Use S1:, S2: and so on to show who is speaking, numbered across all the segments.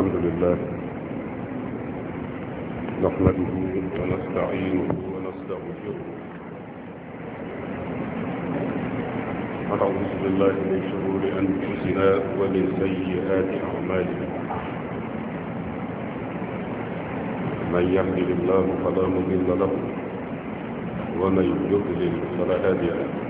S1: الحمد لله نحمده ونستعينه ونستغفره ونعوذ بالله من شرور أنفسنا ومن سيئات أعمالنا من يهدل الله فلا مضل له ومن يضلل فلا هادي له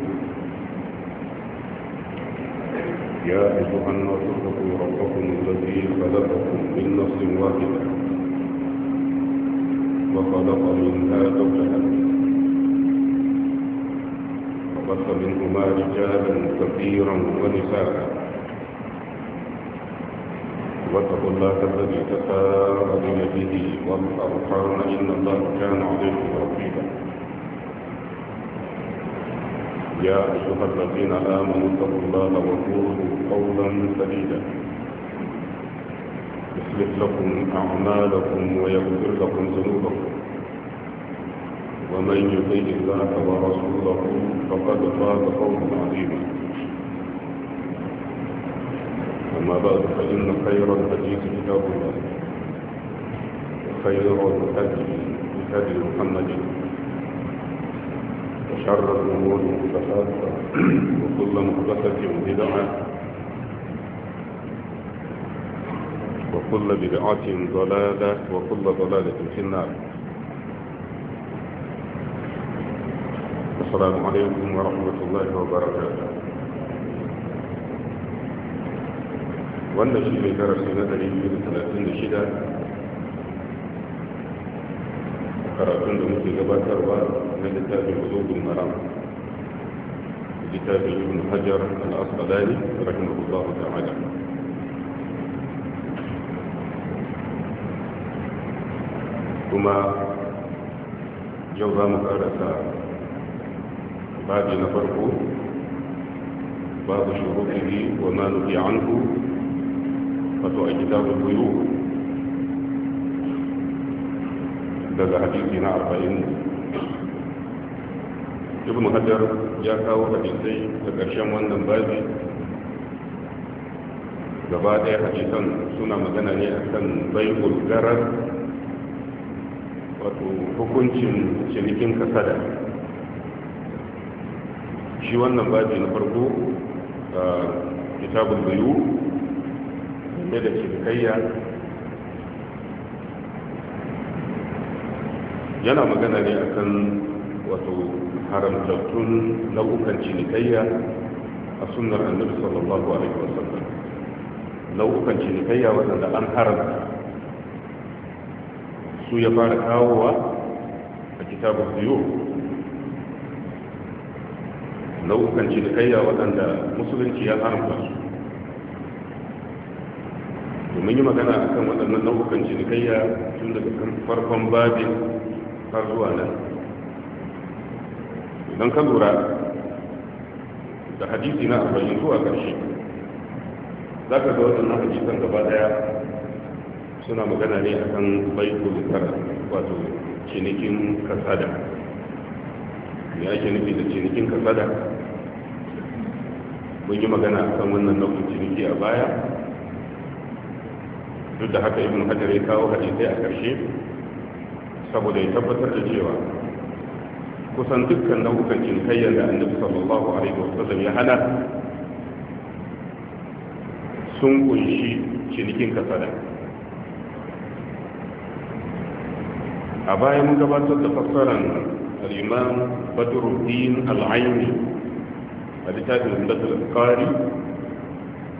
S1: يا أيها الناس اتقوا ربكم الذي خلقكم من نفس واحدة وخلق منها زوجها وبث منهما رجالا كثيرا ونساء واتقوا الله الذي تساءلون به والارحام ان الله كان عليكم رقيبا يا أيها الذين آمنوا اتقوا الله وقولوا قولا سديدا يصلح لكم أعمالكم ويغفر لكم ذنوبكم ومن يطع الله ورسوله فقد فاز قولا عظيما أما بعد فإن خير الحديث كتاب الله وخير الهدي هدي محمد وشر الأمور محدثاتها وكل محدثة بدعة وكل بدعة ضلالة وكل ضلالة في النار السلام عليكم ورحمة الله وبركاته wannan shi ne darasi na 236 karatun da muke gabatarwa na littafin ulubul maram littafin ibn hajar al-asqalani rahimahullahu ta'ala kuma yau za mu karasa babi na farko babu shuruɗi wa ma nufi anhu wato a kitabul buyur daga hadisi na arba'in ibn hajar ya kawo hadisai da ƙarshen wannan babi gaba ɗaya hadisan suna magana ne akan baibul garar wato hukuncin cinikin kasada shi wannan babi na farko a ah, kitabun bayu da cinikayya yana magana ne akan wato haramtattun nau'ukan cinikayya a sunnar annabi sallallahu alaihi wasallam nau'ukan cinikayya waɗanda an haramta su ya fara kawowa a kitabun biyu nau'ukan cinikayya waɗanda musulunci ya haramta su domin yi magana akan waɗannan nau'ukan cinikayya tun daga farkon babin har zuwa nan idan ka lura da hadisi na arba'in zuwa ƙarshe za ka ga waɗannan hadisan gaba ɗaya suna magana ne a kan baitul wato cinikin kasada ya ake nufi da cinikin kasada mun yi magana a kan wannan nau'in ciniki a baya duk da haka ibn hajar ya kawo hadisai a ƙarshe saboda ya tabbatar da cewa kusan dukkan nau'ukan cinkayyar da annabi sallallahu alaihi wasallam ya hana sun kunshi cinikin kasada a baya mun gabatar da fassarar al'imam badruddin al'aini a littafin zundatul kari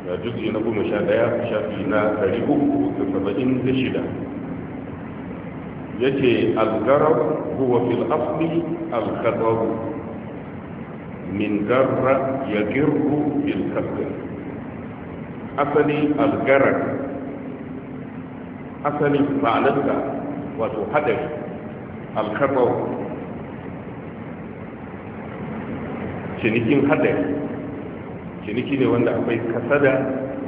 S1: da juzi na goma sha daya shafi na 376 yace al-garab huwa fil asli al-khatab min garra yagirru bil kasr asali al asali ma'anarsa wato hadari al-khatab cinikin hadari ciniki ne wanda akwai kasada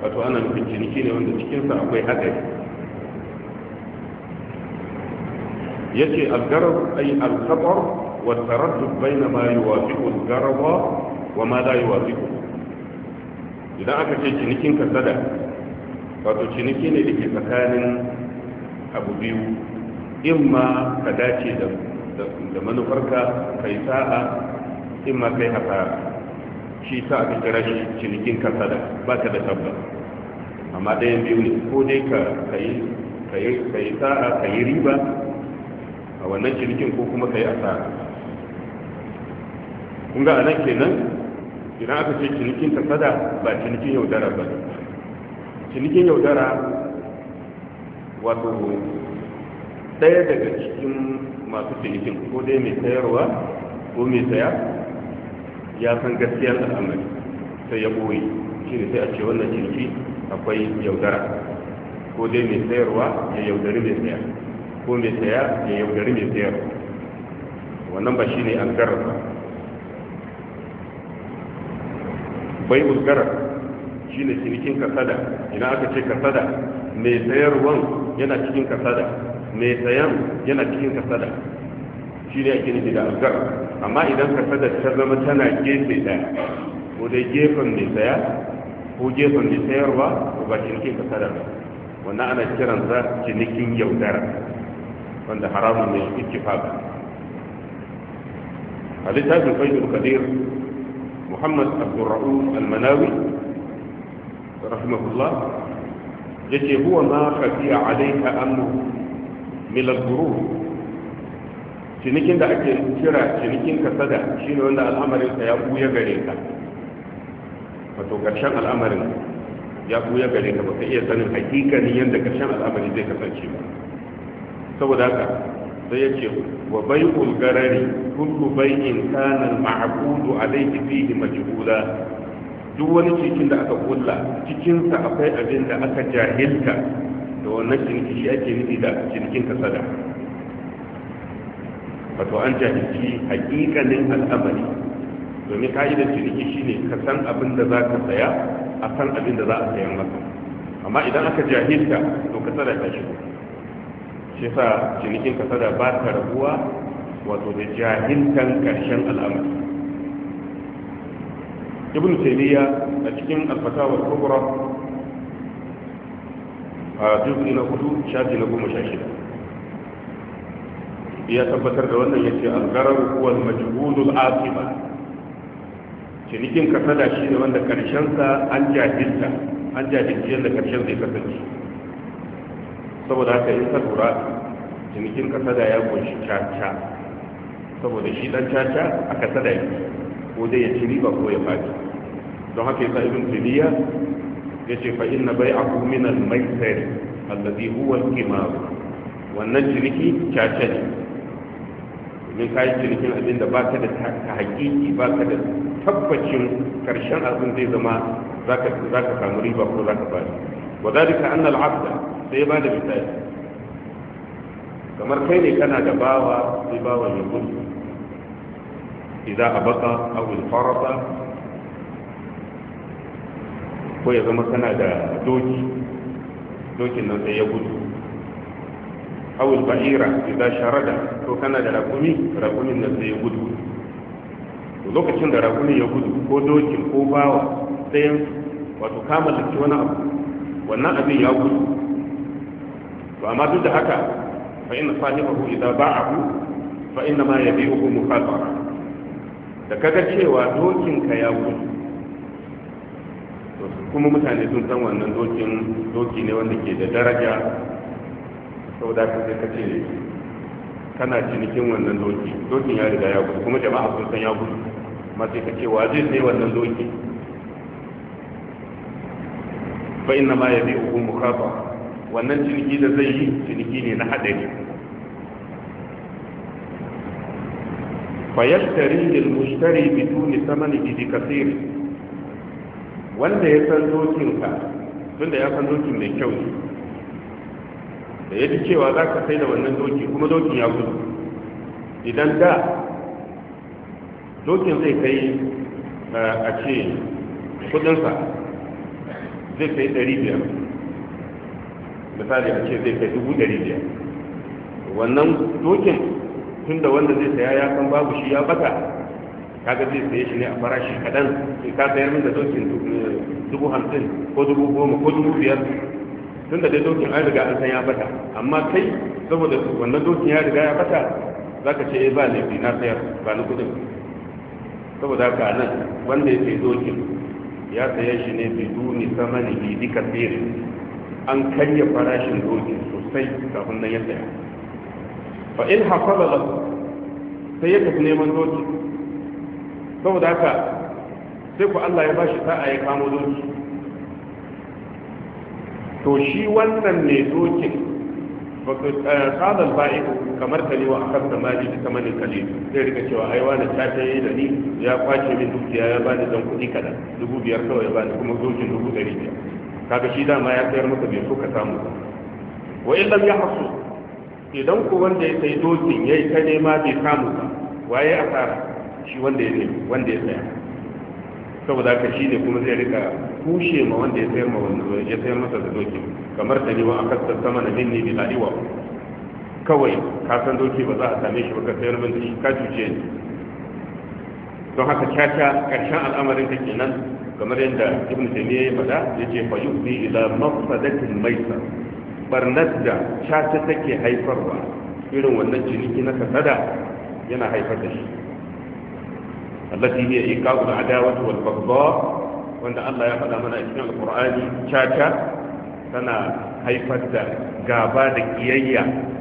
S1: wato ana nufin ciniki ne wanda cikinsa akwai hadari yace al-garab ay al wa taraddud bayna ma yuwafiqu al-garab wa ma la yuwafiqu idan aka ce cinikin kasada wato ciniki ne da ke tsakanin abu biyu in ma ka dace da da manufarka kai sa'a in ma kai hasara shi sa aka kira shi cinikin kasada ba ka da tabbas amma ɗayan biyu ne ko dai ka yi sa'a ka yi riba a wannan cinikin ko kuma ka yi asara kun ga anan kenan idan aka ce cinikin sada ba cinikin yaudara ba cinikin yaudara wato ɗaya daga cikin masu cinikin ko dai mai sayarwa ko mai saya ya san gaskiyar al'amari sai ya ɓoye shi ne sai a ce wannan ciniki akwai yaudara ko dai mai sayarwa ya yaudari mai saya ko mai saya ya yaudari mai sayar wannan ba shi ne gara ba bai ulgarar shi ne cinikin kasada idan aka ce kasada mai sayarwan yana cikin kasada mai sayan yana cikin kasada shi ne ake nufi da algar amma idan kasada ta zama tana gefe ɗaya ko dai gefen mai saya ko gefen mai sayarwa ko ba cinikin kasada ba wannan ana kiransa cinikin yaudara wanda haramun ne ittifaq a littafin faidul kadir muhammad abdurra'uf al-manawi rahimahullah yake huwa ma khafiya alayka amru min al-ghurur cinikin da ake kira cinikin kasada shine wanda al'amarin ka ya buya gare ka wato karshen al'amarin ya buya gare ka baka iya sanin hakikanin yadda karshen al'amari zai kasance ba saboda haka sai ya ce wa bai'ul garari kullu bai'in kana ma'qudu alayhi fihi majhula duk wani cikin da aka kulla cikin sa akwai abin da aka jahilta da wannan cinikin shi ake nufi da cinikin kasada wato an jahilci hakikanin al'amari domin ka'idar ciniki ne ka san abin da za ka saya a san abin da za a sayan maka amma idan aka jahilta to kasada ka shigo shi sa cinikin kasada ba ta rabuwa wato da jahintan karshen al'amari ibn taymiya a cikin alfata wa kubra a jirgin na hudu shafi na goma sha shida ya tabbatar da wannan yake algarar kuwan majibudul al-majhulul aqiba cinikin kasada shi ne wanda ƙarshen sa an jahilta an jahilci yadda karshen zai kasance saboda haka in ka lura cinikin ka sada ya kunshi caca saboda shi dan caca aka sada ya ko dai ya ci riba ko ya faɗi don haka yasa ibn tiliya ya ce fa inna aku min al-maisir alladhi huwa al-qimar wannan ciniki caca ne domin ka yi cinikin abin da baka da ta hakiki baka da tabbacin karshen abin zai zama zaka samu riba ko zaka faɗi wa dalika anna al-abda sai ya bada misali kamar kai ne kana da bawa sai bawa ya gudu idan baka abu farasa ko ya zama kana da doki dokin nan sai ya gudu awul ba'ira idan sharada ko kana da rakumi rakumin nan sai ya gudu lokacin da rakumin ya gudu ko dokin ko bawa sai wato kama ke wani abu wannan abin ya gudu to amma duk da haka fa inna sahibahu idza ba'ahu fa inna ma yabi'uhu mukhatara da kaga cewa dokin ka ya gudu kuma mutane sun san wannan dokin doki ne wanda ke da daraja sau ka sai kace kana cinikin wannan doki dokin ya riga ya gudu kuma jama'a sun san ya gudu amma sai kace wa zai sai wannan doki fa inna ma yabi'uhu mukhatara wannan ciniki da zai yi ciniki ne na haɗari fayashtari lil mushtari sama samani bi kasir wanda ya san dokin ka tunda ya san dokin mai kyau ne da ya ji cewa za ka sai da wannan doki kuma dokin ya gudu idan da dokin zai kai eh, a ce kudinsa zai kai 500 misali a ce zai kai dubu ɗari biyar wannan dokin tun da wanda zai saya ya san babu shi ya bata kaga zai saye shi ne a farashi kaɗan sai ka sayar min da dokin eh, dubu hamsin ko dubu goma ko dubu biyar tun da dai dokin an riga an san ya bata amma kai saboda wannan dokin ya riga ya bata za ka ce eh, ba laifi na sayar ba ni kuɗin saboda haka nan wanda ya sayi dokin ya saye shi ne biduni yi bi tsere an karya farashin doki sosai kafin nan ya tsaya fa in hafala lahu sai ya tafi neman doki saboda haka sai ku Allah ya bashi sa'a ya kamo doki to shi wannan eh, ne dokin kalan ba'i kamar kalewa a kan samari da samanin kale zai rika cewa ai wani ta ta yi da ni ya kwace min dukiya ya bani dan kuɗi kaɗan dubu biyar kawai ya ni kuma dokin dubu ɗari biyar kaga shi dama ya sayar maka bai so ka samu wa in lam yahsu idan ku wanda ya sai dokin yayi ta nema bai samu ba waye asara shi wanda ya ne wanda ya tsaya saboda haka shi ne kuma zai rika kushe ma wanda ya sayar ma wanda ya sayar masa da dokin kamar ta ne wa akasta sama na minni bi iwa kawai ka san doki ba za a same shi ba ka sayar min shi ka cuce ni don haka caca karshen al'amarin ta kenan kamar yadda ibn taymiya ya faɗa ya ce fa yuzi ila mafsadatin maisa barnar da caca take haifarwa irin wannan ciniki na kasada yana haifar da shi allati hiya iqa'ul adawati wal baghdha wanda Allah ya faɗa mana a cikin alqur'ani caca tana haifar da gaba da kiyayya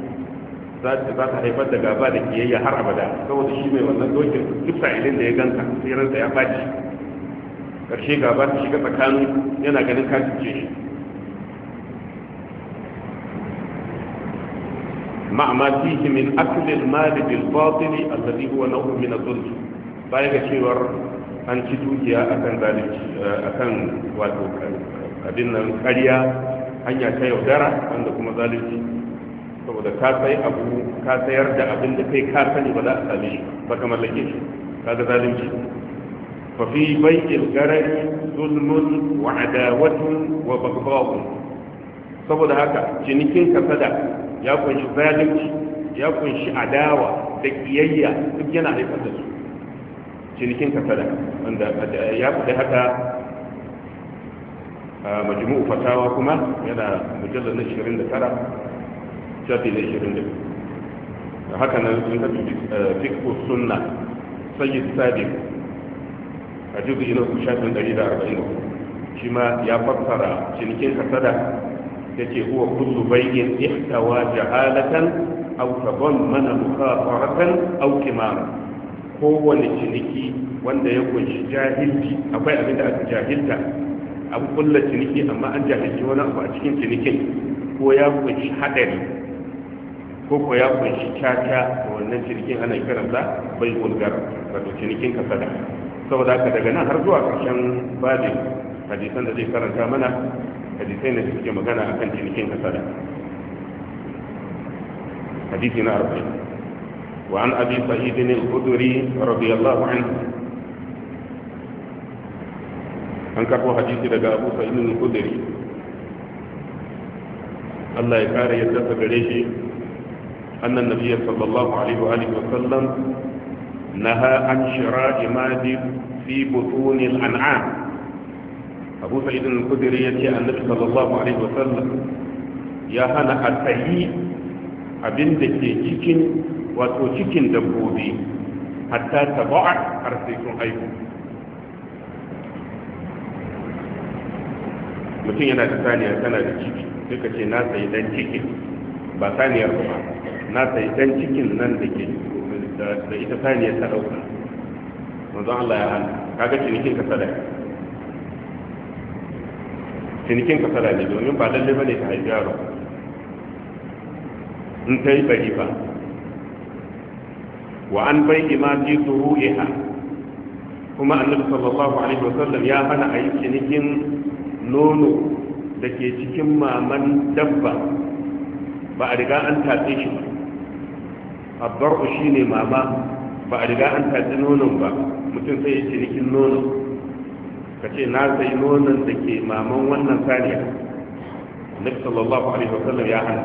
S1: za ta haifar da gaba da kiyayya har abada saboda shi mai wannan dokin duk sa'ilin da ya ganta sai ransa ya baci karshe gaba ta shiga tsakanin yana ganin ce shi ma'ama fihi min aklil mali bil batili alladhi huwa naw'un min adh-dhulm baya ga cewar an ci dukiya akan zalunci wato abin nan ƙarya hanya ta yaudara wanda kuma zalunci saboda ka sai abu ka sayar da abin da kai ka sani ba za a sami shi ba ka mallake shi kaga zalunci fa fi bai'il garari zulmun wa adawatun wa baghdawun saboda haka cinikin kasada ya kunshi zalunci ya kunshi adawa da kiyayya duk yana haifar da su cinikin kasada wanda ya faɗi haka majmu'u fatawa kuma yana mujallar na 29 shafi na da haka nan sun tafi eh, fikku sunna sayyid sadiq a jirgin na shafin 140 shi ma ya fassara cinikin kasada ya ce huwa kullu bayyin ihtawa jahalatan aw tadammana mukhafaratan aw kimara kowane ciniki wanda ya kunshi jahilci akwai abin da aka jahilta an kulla ciniki amma an jahilci wani abu a cikin cinikin ko ya kunshi haɗari. ko ko ya kunshi caca da wannan cinikin ana karanta bai gulgar wato cinikin kasada saboda haka daga nan har zuwa karshen baje. hadisan da zai karanta mana hadisai ne suke magana akan cinikin kasada hadisi na arba'in wa an abi sa'id bin al-khudri radiyallahu anhu an karbo hadisi daga abu sa'id bin al-khudri Allah ya kare yadda gare shi أن النبي صلى الله عليه وآله وسلم نهى عن شراء ماد في بطون الأنعام أبو سعيد الخدري يتي النبي صلى الله عليه وسلم يا هنا أتهي abin ke cikin wato cikin dabbobi hatta mutum yana da saniya tana da ciki duka ce na sayi dan ciki ba saniyar ba na yi dan cikin nan da ke da ita saniyar ta dauka manzon Allah ya hana kaga cinikin ka sadaka cinikin ka sadaka ne domin ba lalle bane ta haifi yaro in ta yi bari ba wa an bai ima fi ha? kuma annabi sallallahu alaihi wasallam ya hana a yi cinikin nono da ke cikin maman dabba ba a riga an tafe shi ba shi ne mama ba a riga an tafi nonon ba mutum sai ya cinikin nonon ka ce na sai nonon da ke maman wannan saniya annabi sallallahu alaihi wasallam ya hana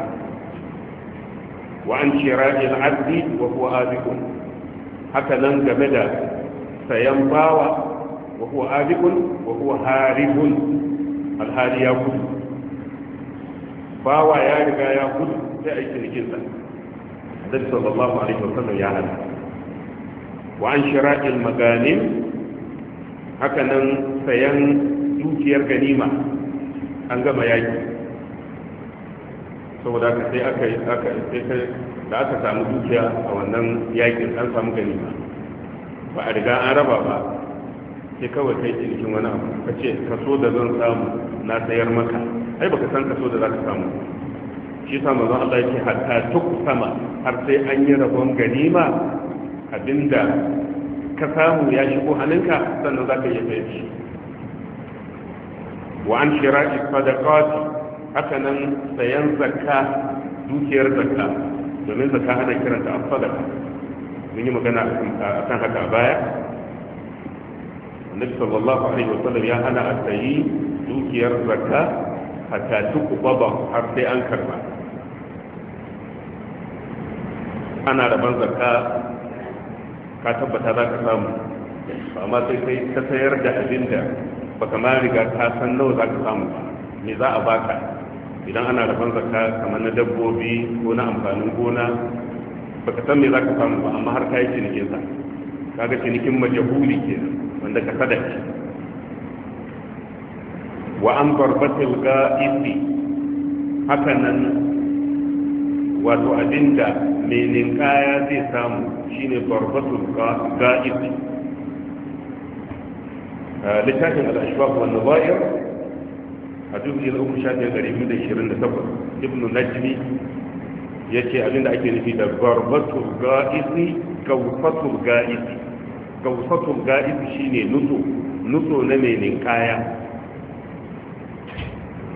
S1: wa an shira'i al-abdi wa huwa azikun haka nan game da sayan bawa wa huwa azikun wa huwa haribun alhali ya gudu bawa ya riga ya gudu sai a yi cinikinsa النبي صلى الله عليه وسلم يعلم وعن شراء المغانم هكذا سيان دوكيار غنيمة أنجم يأتي saboda haka sai aka aka sai da aka samu dukiya a wannan yakin an samu ganima ba a riga an raba ba sai kawai kai cinikin wani abu ka ce kaso da zan samu na sayar maka ai baka san kaso da za ka samu shi sa manzo Allah yake hatta tuksama har sai an yi rabon ganima abinda ka samu ya shigo hannunka sannan za ka yi bayar shi wa an shira'i sadaqat haka nan sayan zakka dukiyar zakka domin zakka ana kiranta a sadaqa mun yi magana a kan haka baya annabi sallallahu alaihi wasallam ya hana a sayi dukiyar zakka hatta tuku baba har sai an karba ana da zakka ka tabbata za ka samu amma sai kai ka sayar da abin da baka ma riga ka san nawa za ka samu ba me za a baka idan ana rabon ka kamar na dabbobi ko na amfanin gona ba ka san me za ka samu ba amma har ka yi cinikin sa ga cinikin majahuli ke wanda ka sadaki wa an barbatil ga haka nan wato abinda mai ninkaya zai samu shine barbatul ga'id ah, littafin al wa nabair a na uku shafin a biyu da ishirin da takwas ibn najmi ya ce abinda ake nufi da barbatul ga'id gaufatul ga'id gaufatul ga'id shine nutso nutso na mai ninkaya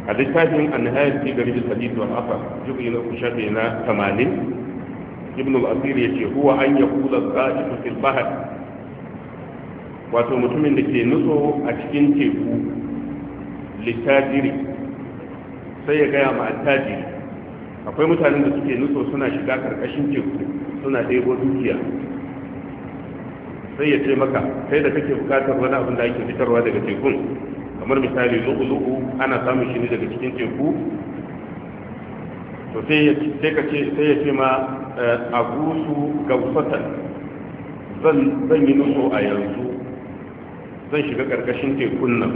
S1: a littafin haya fi gari da hadith wal asar jubi na shafi na 80 ibn al-asir ce huwa an yaqula qa'idu fil bahr wato mutumin da ke nutso a cikin teku littajiri sai ya gaya ma attajiri akwai mutanen da suke nutso suna shiga karkashin teku suna ɗebo dukiya sai ya ce maka kai da kake bukatar wani abin da ake fitarwa daga tekun kamar misali lu'ulu'u ana samun shi ne daga cikin teku to sai ya ce ma eh, a gurusu gausatan zan yi nuso a yanzu zan shiga karkashin tekun nan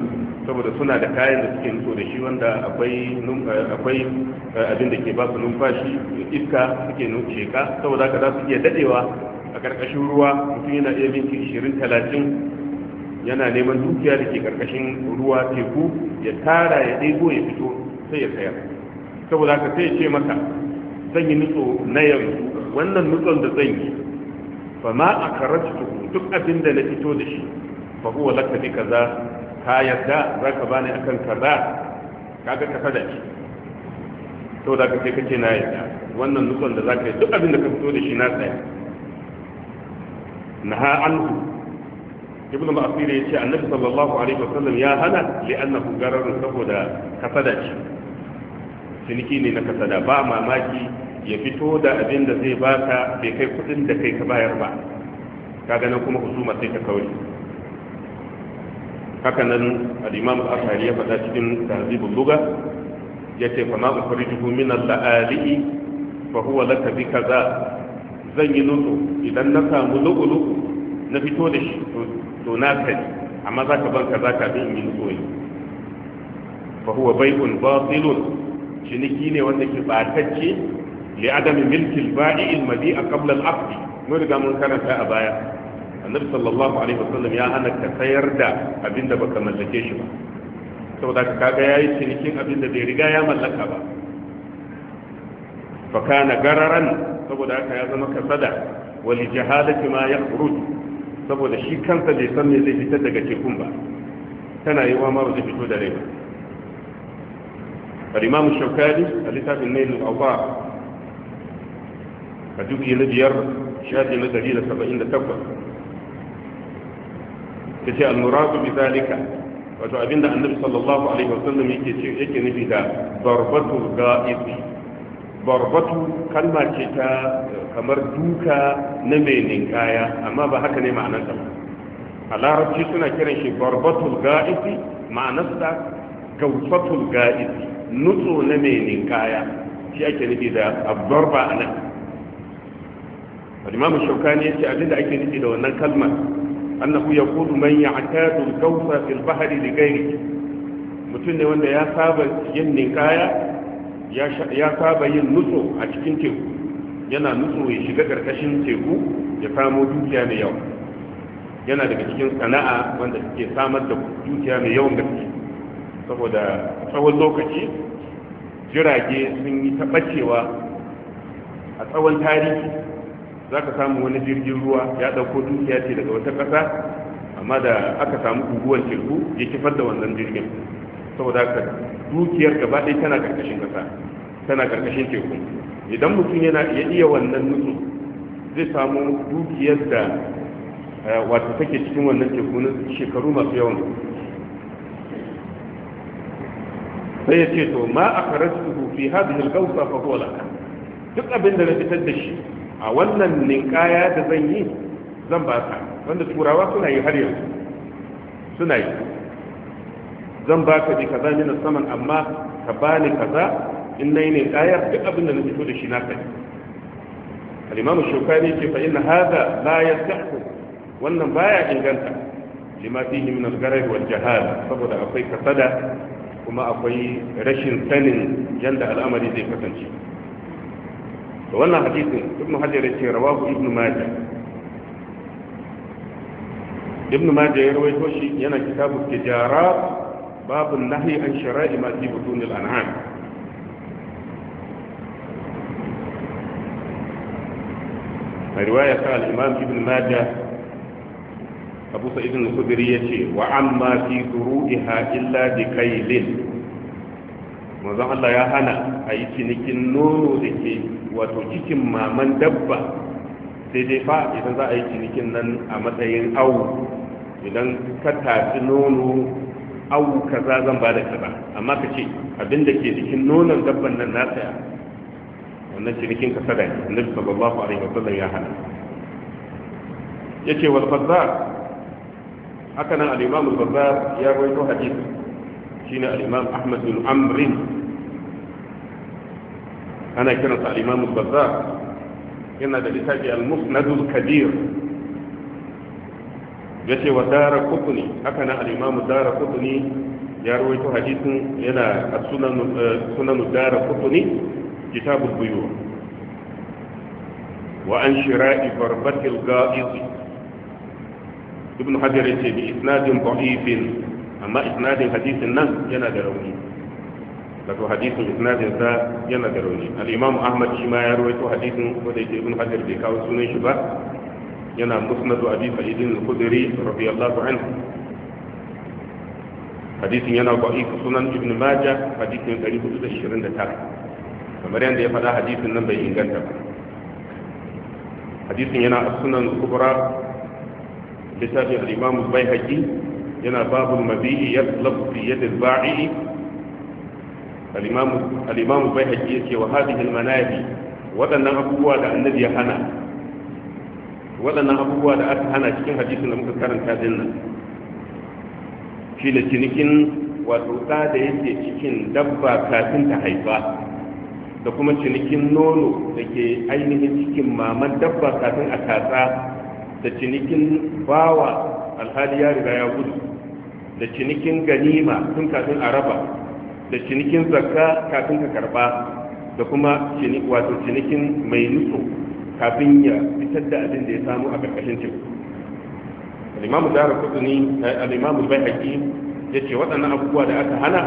S1: saboda suna da kayan da suke nuso da shi wanda akwai eh, abin da ke ba su numfashi iska suke sheka saboda haka za su iya dadewa a karkashin ruwa mutum yana iya minti 20 talatin yana neman dukiya da ke karkashin ruwa teku ya tara ya ɗebo ya fito sai ya sayar saboda haka sai ya ce maka zan yi nutso na yanzu wannan nutson da zan yi fa ma a karatu duk abin da na fito da shi fa huwa laka bi kaza ka yarda za ka bani a kan kaza ga ka da shi saboda haka sai kace na yadda wannan nutson da za ka yi duk abin da ka fito da shi na tsaya naha anhu ibnu ma'asir ya ce annabi sallallahu alaihi wasallam ya hana li'annahu gararun saboda kasada ce ciniki ne na kasada ba mamaki ya fito da abin da zai baka bai kai kudin da kai ka bayar ba kaga nan kuma husuma sai ta kauri haka nan al-imam al-asari ya faɗa cikin tahzibul lugha yace fa ma ukhrijuhu min al-la'ali fa huwa laka bi kaza zan yi nutsu idan na samu lu'ulu na fito da shi to na ka ne amma za ka banka za ka bin min koyi fa huwa bai'un batilun ciniki ne wanda ke batacce li adami milki al-ba'i al-mabi'a qabla al-aqd mun riga mun karanta a baya annabi sallallahu alaihi wasallam ya hana ka sayar da abin baka mallake shi ba saboda ka kaga yayi cinikin abin bai riga ya mallaka ba fa kana gararan saboda haka ya zama kasada wal jahalati ma yakhruju saboda shi kansa bai san me zai fitar daga tekun ba tana yi wa ma ba zai fito da rai ba al-imam shaukani a littafin nailul awba a dubi na biyar shafi na dari da saba'in da takwas ta ce al-muradu bi zalika wato abinda annabi sallallahu alaihi wasallam yake ce yake nufi da barbatul ga'ibi barbatu kalma ce ta kamar duka na mai ninkaya amma ba haka ne ma'anarsa a larabci suna kiran shi barbatul ma'anar ma'anarsa gausatul ga'ifi nutso na mai ninkaya shi ake nufi da abbarba a nan al-imam shaukani yace abinda ake nufi da wannan kalmar annahu kudu man ya'tadu al-kawsa fil bahri li ghayrihi mutum ne wanda ya saba yin ninkaya ya saba yin nutso a cikin teku yana nutso ya shiga karkashin teku ya samo dukiya mai yawa yana daga cikin sana'a wanda suke samar da dukiya mai yawan gaske saboda tsawon lokaci jirage sun yi taɓacewa a tsawon tarihi za ka samu wani jirgin ruwa ya ɗauko dukiya ce daga wata ƙasa amma da aka samu guguwar teku ya kifar da wannan jirgin saboda dukiyar gaba ɗaya tana karkashin ƙasa tana karkashin teku idan mutum yana iya iya wannan nutsu zai samu dukiyar da eh, wata take cikin wannan teku na shekaru masu yawan sai ya ce to ma a karastu haɗu hadin algausa fa huwa laka duk abin da na fitar da shi a wannan ninkaya da zan yi zan ba ta wanda turawa suna yi har yanzu suna yi zan baka bi kaza min saman amma ka bani kaza in nayi ne kayar duk abin da na fito da shi na kai al-imam shukani ce fa ina hadha la yastahu wannan baya inganta lima fihi min al saboda akwai kasada kuma akwai rashin sanin yadda al'amari zai kasance to wannan hadisin duk hajar ya ce rawahu ibnu majah Ibnu majah ya rawaito shi yana kitabu tijarat babu nahi an shara'i ma fi butunil an'am a riwaya ta al-imam ibn majah abu sa'id al-khudri yace wa amma fi duru'iha illa bi kaylin manzon Allah ya hana a yi cinikin nono da ke wato cikin maman dabba sai dai fa idan za a yi cinikin nan a matsayin awu idan ka tafi nono au kaza zan ba da kaza amma ka ce abin da ke jikin nonon dabban nan na saya wannan ce cinikin ka sada ne annabi sallallahu alaihi wa sallam ya hana yace wal bazzar haka nan al-imam al ya rawaito hadisi shine al-imam ahmad bin amr ana kiransa al-imam al yana da littafi al-musnad al-kabir ya ce wa dara kutuni haka nan al'imamu dara kutuni ya rawaito hadisin yana a sunan eh, dara kutuni kitabul buyu wa an shira'i barbatil ga'izi ibn hajar yace bi isnadin da'ifin amma isnadin hadisin nan yana da rauni wato hadisin isnadin sa yana da rauni al ahmad shi ma ya rawaito hadisin wanda yake ibn hajar bai kawo sunan shi ba ينا مسند أبي سعيد الخدري رضي الله عنه حديث ينا ضعيف سنن ابن ماجة حديث ينا قريب تدى الشرين دتاك فمريان دي فدا حديث النبي إنجان حديث ينا السنن الكبرى لسابع الإمام البيهجي ينا باب المبيه يطلب في يد الباعي الإمام الإمام البيهجي وهذه المناهي وذا نغفوها لأن النبي حنا waɗannan abubuwa da aka hana cikin hadisin da muka karanta din nan shi cinikin wato da yake cikin dabba kafin ta haifa da kuma cinikin nono da ke ainihin cikin maman dabba kafin a tasa da cinikin bawa alhali ya riga ya gudu da cinikin ganima tun kafin a raba da cinikin zakka kafin ka karba da kuma wato cinikin mai nutsu. kafin ya fitar da abin da ya samu a karkashin teku al-imamu dara kudu eh, al-imamu bai ya ce waɗannan abubuwa da aka hana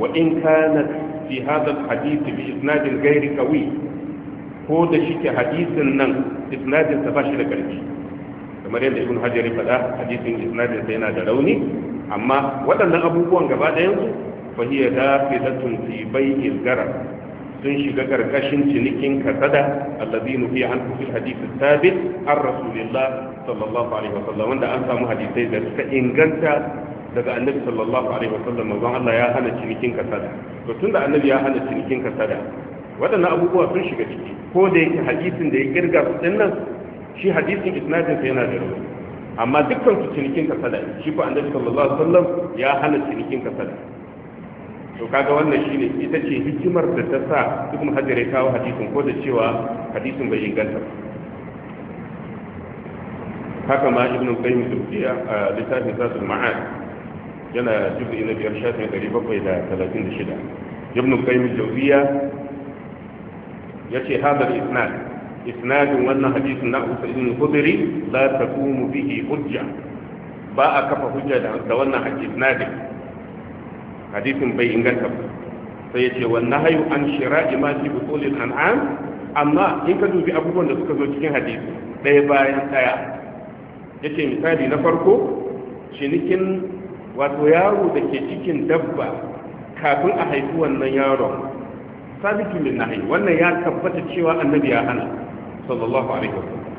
S1: wa in kana fi hadha al bi isnadin ko da shike hadisin nan isnadin sa shi da karfi kamar yadda ibn hajar ya faɗa hadisin isnadin sa yana da rauni amma waɗannan abubuwan gaba ɗayan su fa hiya dafilatun fi bai'il garar sun shiga karkashin cinikin kasada allazi nufi an kufi hadisi sabit an rasulillah sallallahu alaihi wa sallam wanda an samu hadisai da suka inganta daga annabi sallallahu alaihi wa sallam manzon Allah ya hana cinikin kasada to tunda annabi ya hana cinikin kasada waɗannan abubuwa sun shiga ciki ko da yake hadisin da ya kirga su din nan shi hadisin isnadin sa yana da rauni amma dukkan su cinikin kasada shi fa annabi sallallahu alaihi wa sallam ya hana cinikin kasada to kaga wannan shine ita ce hikimar da ta sa duk hajar ya kawo hadisin ko da cewa hadisin bai inganta ba haka ma ibn qayyim tubdiya a littafin zasul ma'ad yana juz'i ina biyar shafin ɗari bakwai da talatin da shida ibn qayyim jawziya ya ce hadar isnad isnadin wannan hadisin na usa ibn khudri la taqumu bihi hujja ba a kafa hujja da wannan hadisi isnadin hadisin bai inganta ba sai ya ce wannan hayu an shira imati butulil an'am amma in ka dubi abubuwan da suka zo cikin hadisi ɗaya bayan ɗaya ya ce misali na farko cinikin wato yaro da ke cikin dabba kafin a haifi wannan yaron sabitu min nahi wannan ya tabbata cewa annabi ya hana sallallahu alaihi wasallam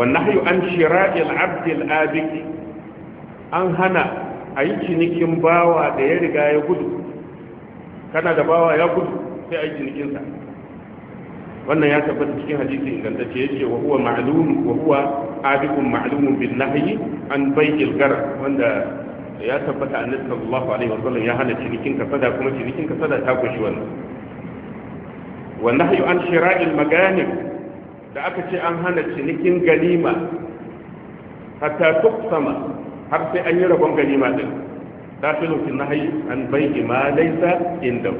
S1: wannan hayu an shira al-abd abik an hana a yi cinikin bawa da ya riga ya gudu kana da bawa ya gudu sai a yi cinikinsa wannan ya tabbata cikin hadisi ingantacce yake wa huwa ma'lum wa huwa abikun ma'lumun bin nahyi an bai gar wanda ya tabbata annabi sallallahu alaihi wasallam ya hana cinikin kasada kuma cinikin kasada ta kushi wannan wa nahyu an shira'il maganim da aka ce an hana cinikin ganima hatta tuqsama har sai an yi rabon ganima din dafilu kin nahi an ki ma laisa inda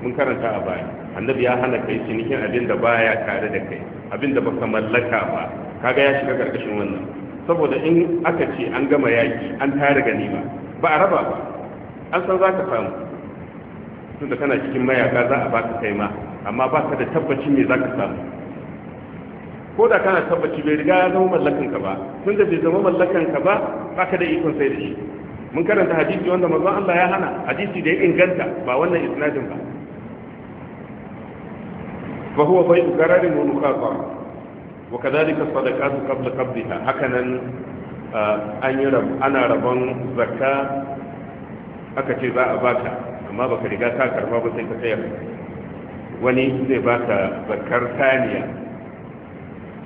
S1: mun karanta a baya annabi ya hana kai cinikin abin da baya tare da kai abin da baka mallaka ba kaga ya shiga karkashin wannan saboda in aka ce an gama yaki an tare ganima ba a raba ba an san za ka samu tunda kana cikin mayaka za a baka kai ma amma ba ka da tabbacin me za ka samu ko da kana tabbaci bai riga ya zama mallakan ka ba tun da bai zama mallakan ka ba baka da ikon sai da shi mun karanta hadisi wanda manzon Allah ya hana hadisi da ya inganta ba wannan isnadin ba fa huwa bai'u qararin wa nuqata wa kadhalika sadaqatu qabla qabdiha hakanan an yi ana rabon zakka aka ce za a baka amma baka riga ka karba ba sai ka tsayar wani zai baka zakkar saniya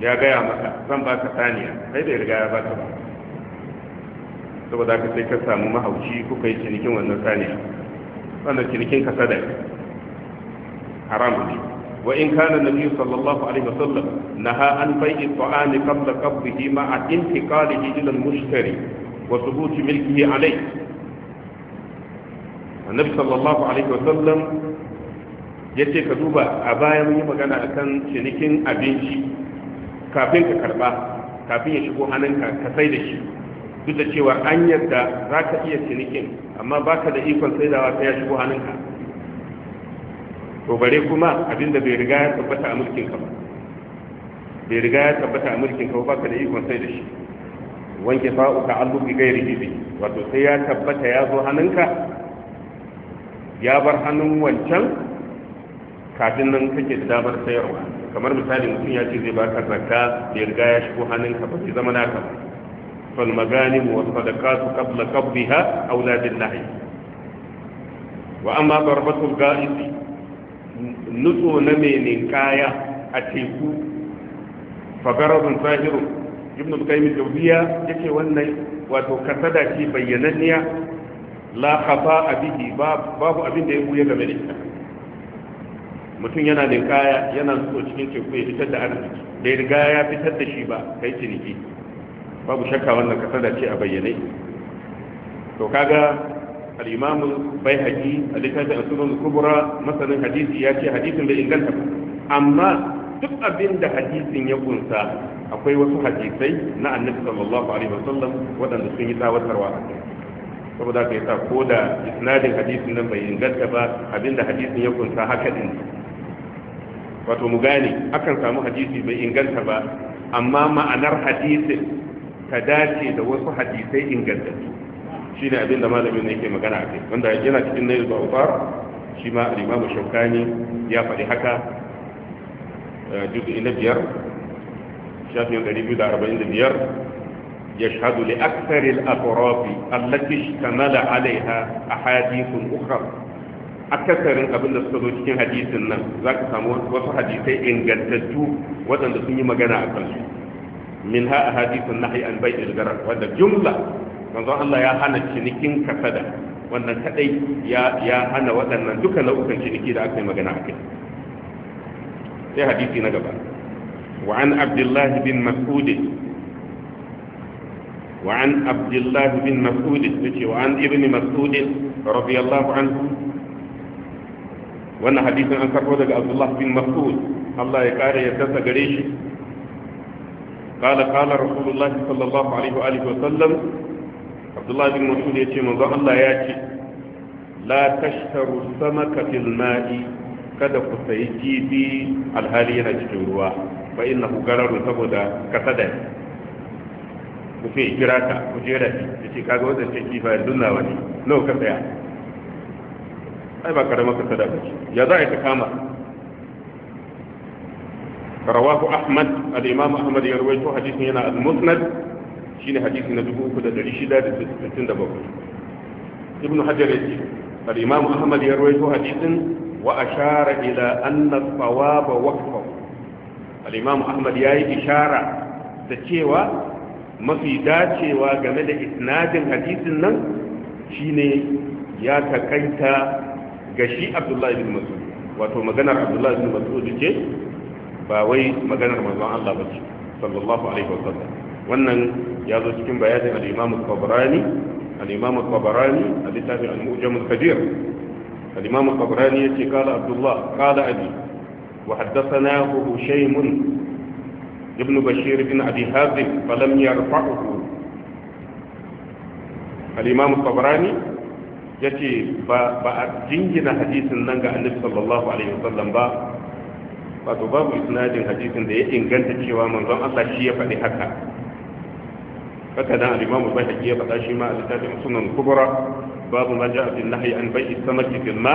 S1: ya gaya maka zan ba ka saniya sai da riga ya ba ka ba saboda ka sai ka samu mahauci kuka yi cinikin wannan saniya wannan cinikin ka sadaka haram ne wa in kana nabi sallallahu alaihi wasallam naha an bai'i ta'ami qabla qabdihi ma'a intiqalihi ila al-mushtari wa thubut milkihi alayhi annabi sallallahu alaihi wasallam yace ka duba a bayan yi magana akan cinikin abinci kafin ka karba kafin ya shigo hannunka ka sai da shi duk da cewa an yadda za ka iya cinikin amma ba ka da ikon saidawa sai ya shigo hannunka to bare kuma abinda bai riga ya tabbata a mulkin ka ba bai riga ya tabbata a mulkin ka ba ka da ikon sai da shi wanke fa'u ka allu bi gairi bibi wato sai ya tabbata ya zo hannunka ya bar hannun wancan kafin nan kake da damar sayarwa kamar misali mutum ya ce zai baka zakka ya riga ya shigo hannunka ba zai zama naka ba fal maganim wa sadaqatu qabla qabdiha aw la wa amma darbatul ga'id nutso na menin kaya a teku fa garabun zahiru ibnu qayyim jawziya yace wannan wato kasada ce bayyananniya la khafa bihi babu abin da ya buya game da ita mutum yana da kaya yana zuwa cikin teku ya fitar da arziki bai riga ya fitar da shi ba kai ciniki babu shakka wannan kasar da ce a bayyane to kaga al-imamu baihaqi a littafin asulul kubra masanin hadisi ya ce hadisin bai inganta ba amma duk abin da hadisin ya kunsa akwai wasu hadisai na annabi sallallahu alaihi wasallam waɗanda sun yi tsawatarwa a kai saboda ka sa, ko da isnadin hadisin nan bai inganta ba abin da hadisin ya kunsa haka din wato mu gane akan samu hadisi mai inganta ba amma ma'anar hadisin ta dace da wasu hadisai ingantattu shi ne abin da malamin yake magana a kai wanda yana cikin nail ba'ubar shi ma alimamu shaukani ya faɗi haka juzi na biyar shafin 245 يشهد لأكثر الأطراف التي اشتمل a أحاديث أخرى akasarin abin da suka zo cikin hadisin nan za ka samu wasu hadisai ingantattu waɗanda sun yi magana a kansu min ha a hadisin nahi an bai ilgarar wanda jumla manzon Allah ya hana cinikin kasada wannan kadai ya ya hana waɗannan duka nau'ukan ciniki da aka yi magana a kai sai hadisi na gaba wa an abdullahi bin mas'ud wa an abdullahi bin mas'ud yace wa an ibni mas'ud radiyallahu anhu wannan hadisin an karbo daga abdullah bin mas'ud Allah ya kare yadda gare shi قال قال رسول الله صلى الله عليه wa sallam عبد bin بن مسعود يأتي من ظهر الله يأتي لا تشتروا السمك في kada ku sayi kifi alhali yana cikin ruwa fa inna ku gararu saboda kasada ku fi kira ka ku jera shi yace kaga wannan ce kifa yanzu nawa ne nawa ka tsaya. ai ba karamar ka sadaka ce ya za a yi ta kama rawahu ahmad al-imam ahmad ya rawaito hadisin yana al-musnad shine hadisi na 3667 ibn hajar ya ce al-imam ahmad ya rawaito hadisin wa ashara ila anna al-imam ahmad ya yi ishara da cewa mafi dacewa game da isnadin hadisin nan shine ya takaita gashi shi abdullahi bin mas'ud wato maganar abdullahi bin mas'ud ce ba wai maganar manzon Allah ba ce sallallahu alaihi wa sallam wannan ya zo cikin bayanin al-imam al-tabarani al-imam al-tabarani a littafin al-mu'jam al-kabir al-imam al-tabarani yace qala abdullah qala ali wa haddathana haddathanahu shaym ibn bashir bin abi hazim falam yarfa'uhu al-imam al-tabarani Ya ce ba a jingina hadisin nan ga annabi sallallahu alaihi wasallam ba wato babu isnadin hadisin da ya inganta cewa manzon Allah shi ya faɗi haka haka dan al-Imam Bayhaqi ya faɗa shi ma a littafin Sunan Kubra babu ma ja'a fil nahyi an bai'i samaki fil ma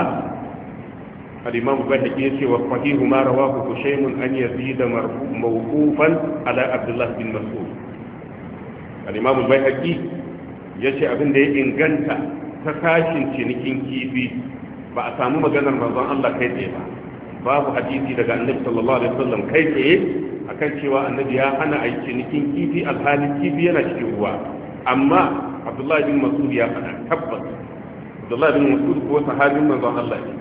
S1: al-Imam Bayhaqi yace wa fahihu ma rawahu Hushaym an yazid mawqufan ala Abdullah bin Mas'ud al-Imam Bayhaqi ce abin da ya inganta ta tashin cinikin kifi ba a samu maganar manzon Allah kai tsaye ba babu hadisi daga annabi sallallahu alaihi wasallam kai tsaye akan cewa annabi ya hana a cinikin kifi alhalin kifi yana cikin ruwa amma abdullahi bin masud ya faɗa tabbas abdullahi bin masud ko sahabin manzon Allah ne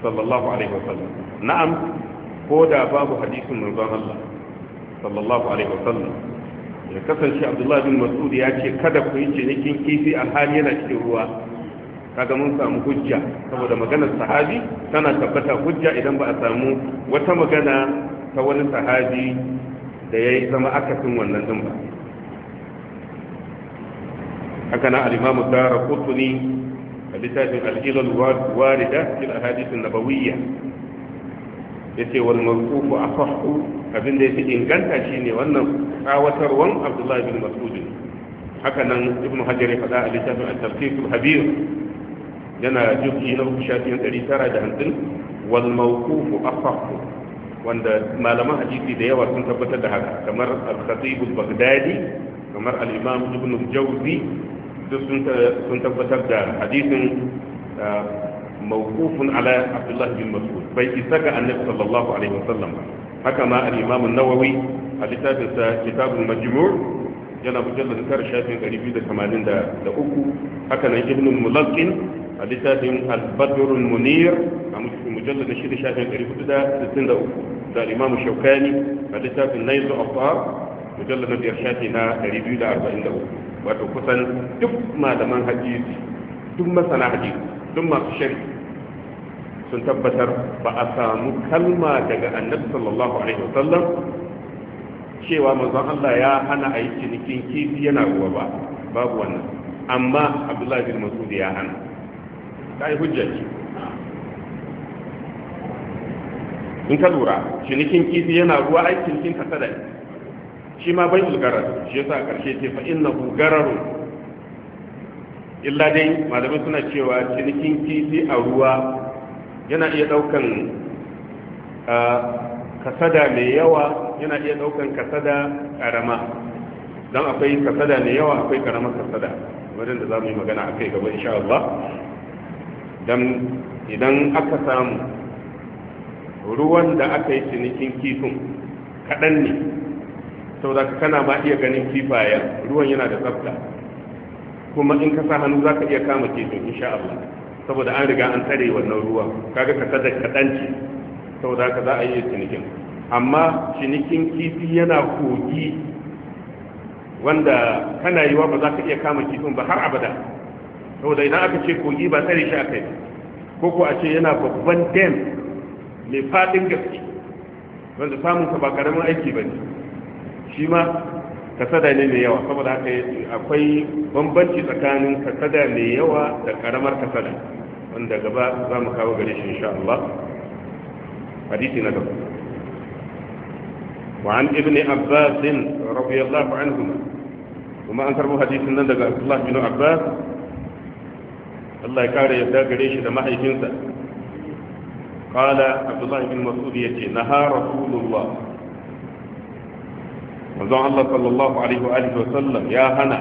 S1: sallallahu alaihi wasallam na'am ko da babu hadisin manzon Allah sallallahu alaihi wasallam ya kasance abdullahi bin masud ya ce kada ku yi cinikin kifi alhali yana cikin ruwa kaga mun samu hujja saboda maganar sahabi tana tabbata hujja idan ba a samu wata magana ta wani sahabi da ya yi zama akasin wannan din ba haka na alimamu dara kutuni a littafin al'ilal warida fil ahadisin nabawiyya ya ce wal marfuku a fahu abinda ya fi inganta shi ne wannan tsawatarwan abdullahi bin masudin haka nan ibn hajar ya faɗa a littafin al-tafsir habir yana jufi na uku shafin ɗari tara da hamsin walmaukufu afafu. wanda malaman hadisi da yawa sun tabbatar da haka kamar al-khatib al-baghdadi kamar al-imam ibn al-jawzi duk sun tabbatar da hadisin ah, mawqufun ala abdullah bin mas'ud bai isa ga annabi sallallahu alaihi wasallam haka ma al-imam an-nawawi a littafin sa kitabul majmu' yana mujallar kar shafin 283 haka nan ibn mulaqin a littafin albadurul munir a mujallar shirin shida shafin 463 da imamu shaukani a littafin naizu afar mujallar na biyar shafi na 243 wato kusan duk malaman hadisi duk masana hadisi duk masu shari sun tabbatar ba a samu kalma daga annabi sallallahu alaihi wasallam cewa manzon Allah ya hana a yi cinikin kifi yana ruwa ba babu wannan amma abdullahi bin masudi ya hana ta yi hujja ce in ka lura cinikin kifi yana ruwa aikin kin ka ne shi ma bai ulgarar shi yasa karshe ce fa inna ulgararu illa dai malamai suna cewa cinikin kifi a ruwa yana iya daukan kasada mai yawa yana iya daukan kasada karama don akwai kasada mai yawa akwai karamar kasada wadanda za mu yi magana a kai gaba insha Allah idan aka samu ruwan da aka yi cinikin kifin kaɗan ne sau da kana ba iya ganin kifayen ruwan yana da tsafta kuma in ka sa hannu za ka iya kama kifin insha Allah saboda an riga an tare wannan ruwa kaga ka sadar kaɗanci ce sau da ka za a yi cinikin amma cinikin kifi yana kogi wanda kana yi wa ba za ka iya kama kifin ba har abada saboda idan aka ce kogi ba tsare shi aka yi ko ko a ce yana babban dam mai fadin gaske wanda samunsa ba karamin aiki ba ne shi ma kasada ne mai yawa saboda haka akwai bambanci tsakanin kasada mai yawa da karamar kasada wanda gaba za mu kawo gare shi insha Allah hadisi na gaba وعن ابن عباس رضي الله عنهما وما أنكر حديث النبي عبد الله بن عباس Allah ya kare yadda gare shi da mahaifinsa qala abdullahi bin mas'ud yace naha rasulullah manzon Allah sallallahu alaihi wa alihi wa sallam ya hana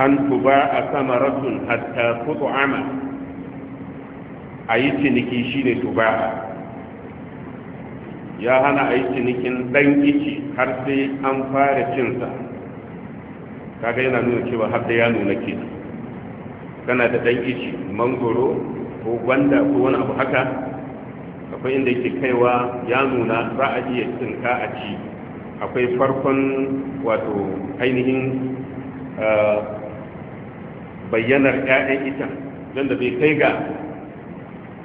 S1: an tuba a tuba'a samaratun hatta A yi ciniki shi ne tuba'a ya hana a yi cinikin ɗan ici har sai an fara cinsa kaga yana nuna cewa har da ya nuna ke kana da dan ici mangoro ko gwanda ko wani abu haka akwai inda yake kaiwa ya nuna za a iya tsinka a ci akwai farkon wato ainihin bayyanar 'ya'yan ita don da bai kai ga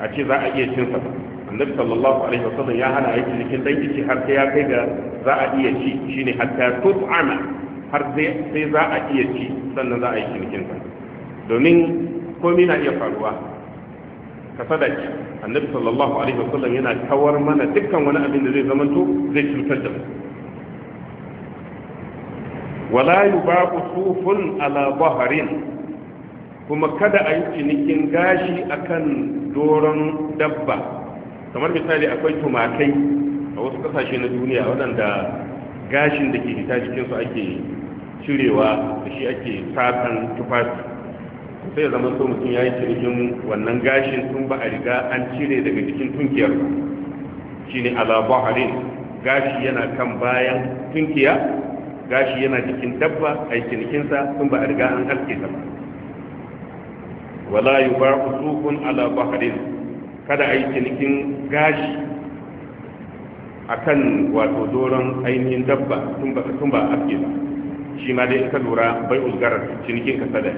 S1: a ce za a iya cin sa ba annabi sallallahu alaihi wasallam ya hana aiki cikin dan ici har sai ya kai ga za a iya ci shine hatta tut'ama har sai za a iya ci sannan za a yi cinikinsa domin komi na iya faruwa ka sadaki annabi sallallahu alaihi wasallam yana kawar mana dukkan wani abin da zai zamanto zai cutar da mu wala yubaqu sufun ala bahrin kuma kada a yi cinikin gashi akan doron dabba kamar misali akwai tumakai a wasu kasashe na duniya waɗanda gashin da ke fita jikinsu ake cirewa da shi ake satan tufafi sai ya zama so mutum ya yi cinikin wannan gashin tun ba a riga an cire daga jikin tunkiyar shi ne alabaharin gashi yana kan bayan tunkiya gashi yana jikin dabba a yi cinikinsa tun ba a riga an halke ta ba wala yi ba ala kada a yi cinikin gashi akan wato doron ainihin dabba tun ba aske ba shi ma dai ka lura bai uzgarar cinikin ka sada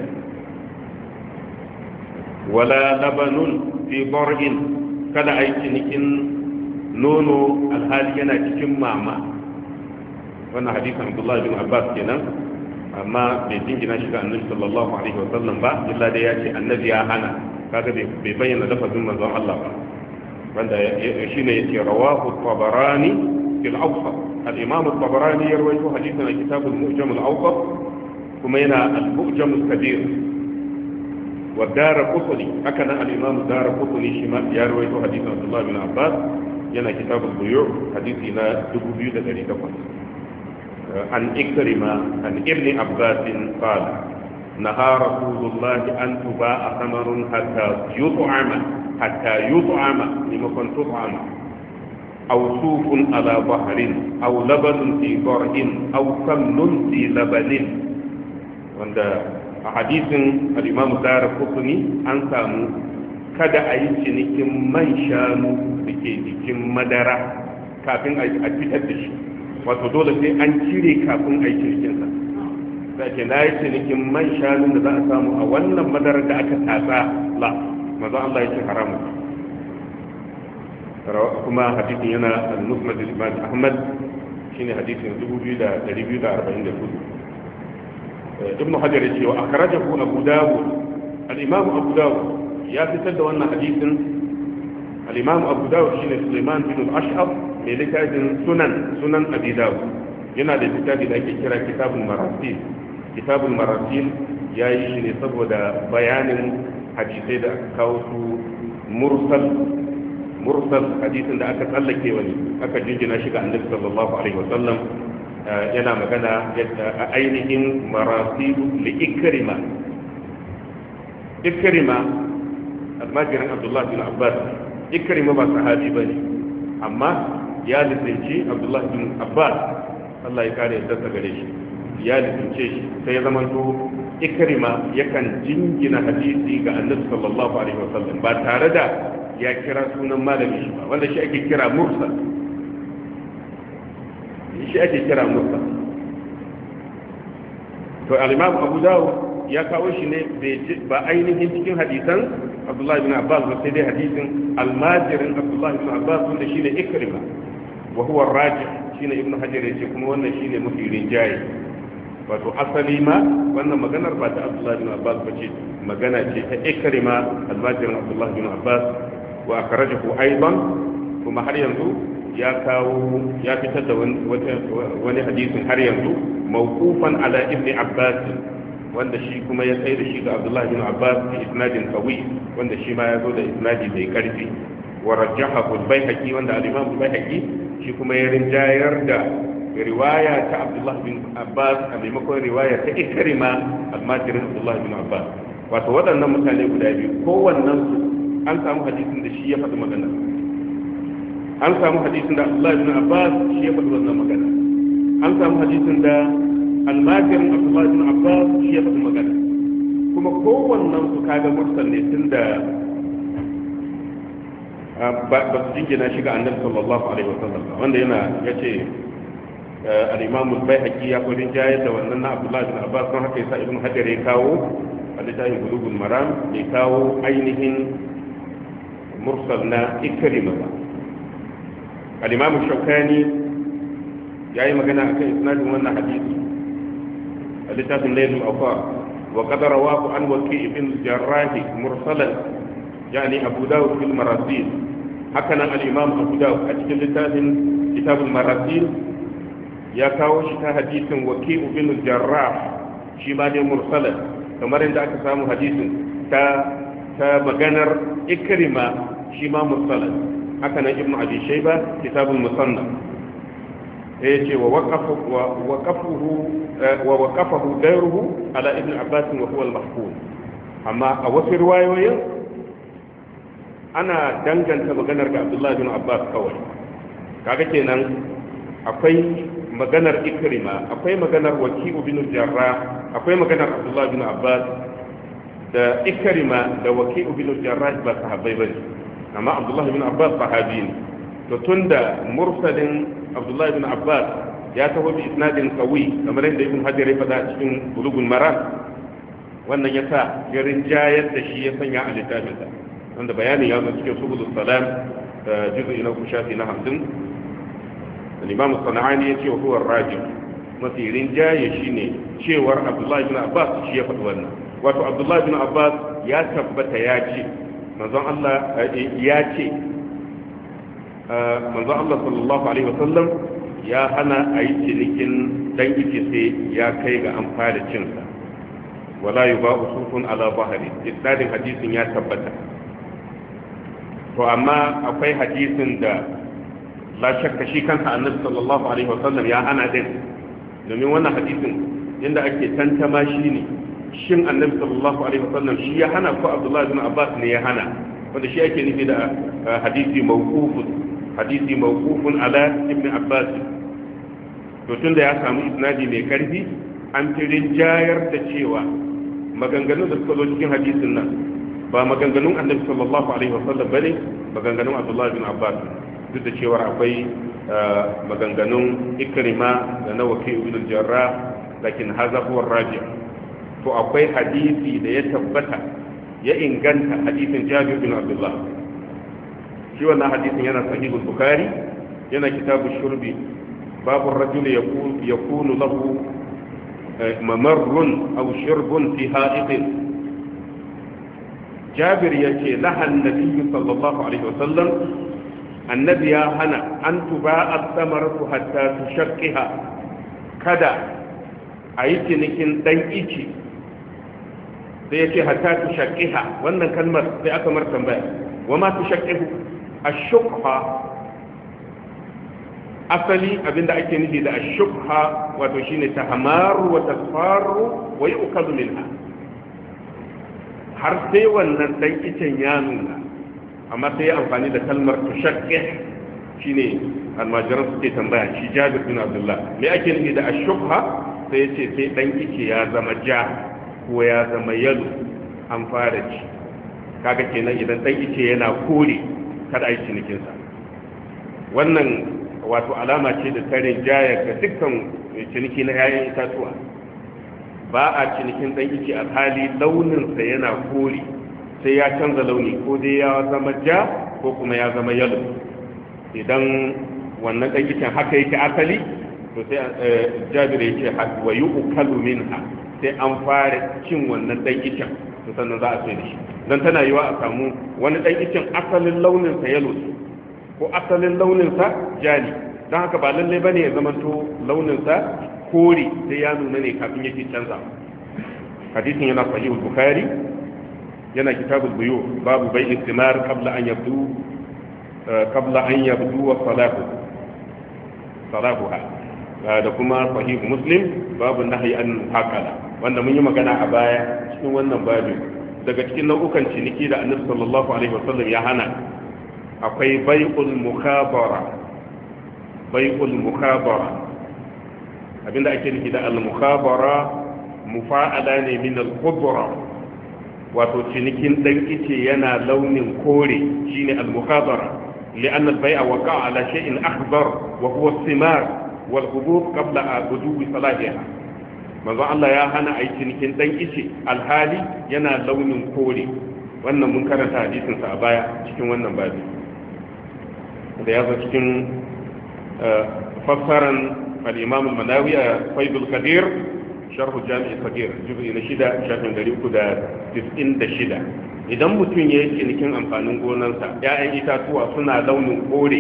S1: wala labanun fi bar'in kada ai cinikin nono alhali yana cikin mama wannan hadisin abdullahi bin abbas kenan amma bai jingina shi ga annabi sallallahu alaihi wasallam ba illa dai ya ce annabi ya hana kaga bai bayyana lafazin manzon Allah ba عند شين رواه الطبراني في الأوسط الإمام الطبراني يروي حديثنا كتاب المؤجم الأوسط ثم هنا المؤجم الكبير والدار قطني أكن الإمام دار قطني شما يروي حديث عبد الله بن عباس هنا كتاب البيوع حديثنا دبوبي لذلك قطني عن إكرمة عن ابن عباس قال نهى رسول الله أن تباع ثمر حتى يطعمه hatta yut'ama limakon tut'ama aw sufun ala bahrin aw labanun fi bar'in aw kamnun fi labanin wanda a hadisin al-imam Darqutni an samu kada a yi cinikin man shanu da ke jikin madara kafin a fitar da shi wato dole sai an cire kafin a yi cinikinsa Sake na yi cinikin man shanu da za a samu a wannan madarar da aka tatsa la ماذا الله يتحرم كما حديث هنا النقمة إسماعيل أحمد شيني حديث دبوبي دا دبوبي دا أربعين دفوز آه، ابن حجر يقول وأخرجه أبو داود الإمام أبو داود يا تسد وأن حديث الإمام أبو داود شيني سليمان بن الأشعب ملكة سنن سنن أبي داود هنا لكتاب إذا كتير كتاب المراسيل كتاب المراسيل يا شيني صبو دا بيان hadisai da aka kawo su mursal mursal hadisin da aka tsallake wani aka jinjina shi ga annabi sallallahu alaihi wasallam eh, yana magana yadda a ainihin marasilu li ikrima ikrima almajirin abdullahi bin abbas ikrima ba sahabi ba ne amma ya lissinci abdullahi bin abbas Allah ya kare yadda gare shi ya lissince shi sai ya zama ikrima yakan jingina hadisi ga annabi sallallahu alaihi wasallam ba tare da ya kira sunan malami shi ba wanda shi ake kira mursal shi ake kira mursal to al-imam abu dawud ya kawo shi ne ba ainihin cikin hadisan abdullahi bin abbas ba sai dai hadisin almajirin abdullahi bin abbas wanda shi ne ikrima wa huwa rajih shine ibnu hajar yace kuma wannan shine mafi rinjaye wato asali ma wannan maganar ba ta abdullahi bin abbas ba ce magana ce ta ikrima almajirin abdullahi bin abbas wa akhrajahu aidan kuma har yanzu ya kawo ya fitar da wani hadisin har yanzu mawqufan ala ibn abbas wanda shi kuma ya tsaye da shi ga abdullahi bin abbas bi isnadin qawi wanda shi ma ya zo da isnadi mai karfi wa rajjahahu al-baihaqi wanda al-imam al-baihaqi shi kuma ya rinjayar da riwaya ta abdullah bin abbas a maimakon riwaya ta ikrima almajirin abdullah bin abbas wato waɗannan mutane guda biyu wannan su an samu hadisin da shi ya faɗi magana an samu hadisin da abdullah bin abbas shi ya faɗi wannan magana an samu hadisin da almajirin abdullah bin abbas shi ya faɗi magana kuma wannan su kaga mursal ne tunda da ah, ba su jingina shi ga annabi sallallahu alaihi wasallam wanda yana yace al-imam al-baihaqi ya kodin jayar da wannan na abdullahi bin abbas don haka yasa ibn hajar ya kawo a littafin bulugul maram ya kawo ainihin mursal na ikrima ba al-imam shaukani ya yi magana akan isnadin wannan hadisi a littafin lailul afar وقد رواه عن وكيع بن الجراح مرسلا يعني ابو داود في المراسيل هكذا الامام ابو داود اتكلم كتاب المراسيل ya kawo shi ta hadisin waki'u bin jarrah shi ma ne mursalan kamar yadda aka samu hadisin ta ta maganar ikrima shi ma mursalan haka nan ibnu abi shayba kitabul musannaf ya ce wa waqafuhu eh, wa waqafahu dairuhu ala ibnu abbas wa huwa al-mahfuz amma a wasu riwayoyin ana danganta maganar ga abdullahi bin abbas kawai kaga kenan akwai maganar ikrima akwai maganar waki'u bin jarra akwai maganar abdullah bin abbas da ikrima da waki'u bin jarra ba sahabbai bane amma abdullah bin abbas sahabi ne to tunda mursalin abdullah bin abbas ya taho bi isnadin qawi kamar yadda ibn hajar ya faɗa cikin bulugun mara, wannan ya sa ya jayar da shi ya sanya a littafinsa wanda bayanin ya zo cikin subulus salam da eh, juzu ina ku shafi na hamsin al-imam sana'ani ya ce wa huwa masirin mafi shi ne cewar abdullahi bin abbas shi ya faɗi wannan wato abdullahi bin abbas ya tabbata ya ce manzon Allah eh, ya ce eh, manzon Allah sallallahu alaihi wasallam ya hana a yi cinikin dan ice sai ya kai ga an fara cinsa wala yuba'u sufun ala bahari isnadin hadisin ya tabbata to amma akwai hadisin da la shakka shi kansa annabi sallallahu alaihi wasallam ya hana din domin wannan hadisin inda ake tantama shi ne shin annabi sallallahu alaihi wasallam shi ya hana ko abdullahi bin abbas ne ya hana wanda shi ake nufi da eh, hadisi mawqufun hadisi mawqufun ala ibn abbas to tunda ya samu isnadi mai karfi an tirin jayar da cewa maganganun da suka zo cikin hadisin nan ba maganganun annabi sallallahu alaihi wasallam bane maganganun abdullahi bin abbas duk da cewar akwai eh, maganganun Ikirima da na waki ibn jarra lakin hazafuwar raji to akwai hadisi da ya tabbata ya inganta hadisin jabir bin abdullah shi wannan hadisin yana sahihul bukhari yana kitabu shurbi babu rajul yakunu lahu eh, mamarrun aw shurbun fi ha'iqin jabir ya ce lahan nabi sallallahu alaihi wasallam annabi ya hana an tuba samar samaratu hatta su shakkiha. kada a yi cinikin dan ici sai ce hatta su shakkiha. wannan kalmar sai aka mar tambaya wama su shakkihu a shuqha asali abinda ake nufi da ash-shuqha wato shine ta hamaru, wata faru. Wai yu'khadhu minha har sai wannan dan icen ya nuna amma sai ya amfani da kalmar shi shine almajiran suke tambaya shi jabir bin abdullah me ake nufi da ashubha sai yace sai dan kike ya zama ja ko ya zama yalo an fara ci kaga kenan idan dan kike yana kore kada a yi cinikin wannan wato alama ce da tarin jaya ga dukkan ciniki na yayin itatuwa ba a cinikin dan a alhali launinsa yana kore sai ya canza launi ko dai ya zama ja ko kuma ya zama yalo idan wannan dan haka yake asali to sai eh, jabir yake wa yi ukalu minha sai an fara cin wannan dan to sannan za a ce da shi don tana yiwa a samu wani dan itin asalin launinsa yalo ko asalin launinsa ja ne don haka ba lallai ba ne ya zama to launinsa kore sai ya nuna ne kafin yake canza hadisin yana sahihul bukhari yana kitabul buyu babu bai istimar qabla an yabdu eh, qabla an yabdu wa salatu salatuha eh, da kuma sahih muslim babu nahyi an haqala wanda mun yi magana a baya cikin wannan babu daga cikin nau'ukan ciniki da annabi sallallahu alaihi wasallam ya hana akwai bai'ul mukhabara bai'ul mukhabara abinda ake nufi da al-mukhabara mufa'ala ne min al-khudra wato cinikin dan ice yana launin kore shine al-mukhadara li'an al-bai'a waqa'a ala shay'in akhdar wa huwa as-simar wal hubub qabla ghudubi salahiha manzo Allah ya hana ai cinikin dan ice alhali yana launin kore wannan mun karanta hadisin sa a baya cikin wannan babi da ya zo cikin fassaran al-imam al a faidul qadir sharhu jami'i fagir jubi na shida shafin dari uku da tis'in da shida idan mutum ya yi cinikin amfanin gonarsa ya'yan itatuwa suna launin kore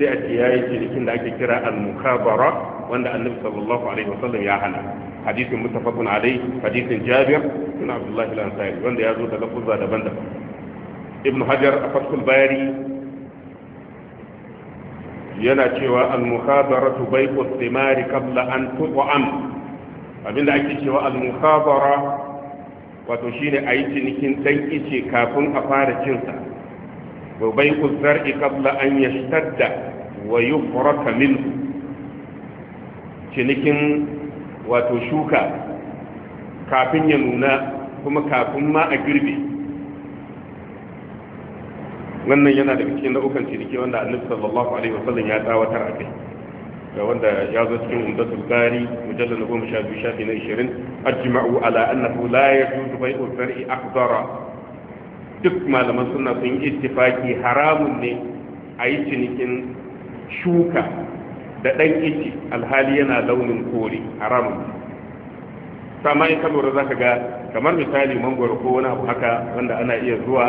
S1: sai a ce ya yi cinikin da ake kira al-mukabara wanda annabi sallallahu alaihi wasallam ya hana hadisin mutafakun alai hadisin jabir ibn abdullahi al-ansari wanda ya zo da lafuzza daban-daban ibn hajar a fatul bayari yana cewa al-mukabaratu bai'u thimari qabla an tut'am abinda ake cewa al-mukhabara wato shine ayi cinikin dan ice kafin a fara cin sa wa bai'u zar'i qabla an yashtadda wa yufraka minhu cinikin wato shuka kafin ya nuna kuma kafin ma a girbe wannan yana daga cikin nau'ukan ciniki wanda annabi sallallahu alaihi wasallam ya tsawatar a kai
S2: ga wanda ya zo cikin umdatul qari mujallal 12 shafi na ishirin, ajma'u ala annahu la yajuzu bai'u zar'i akhdara
S1: duk malaman suna sun yi ittifaki haramun ne a yi cinikin shuka da dan ici alhali yana launin kore haramun ne sama in ka lura zaka ga kamar misali mangoro ko wani abu haka wanda ana iya zuwa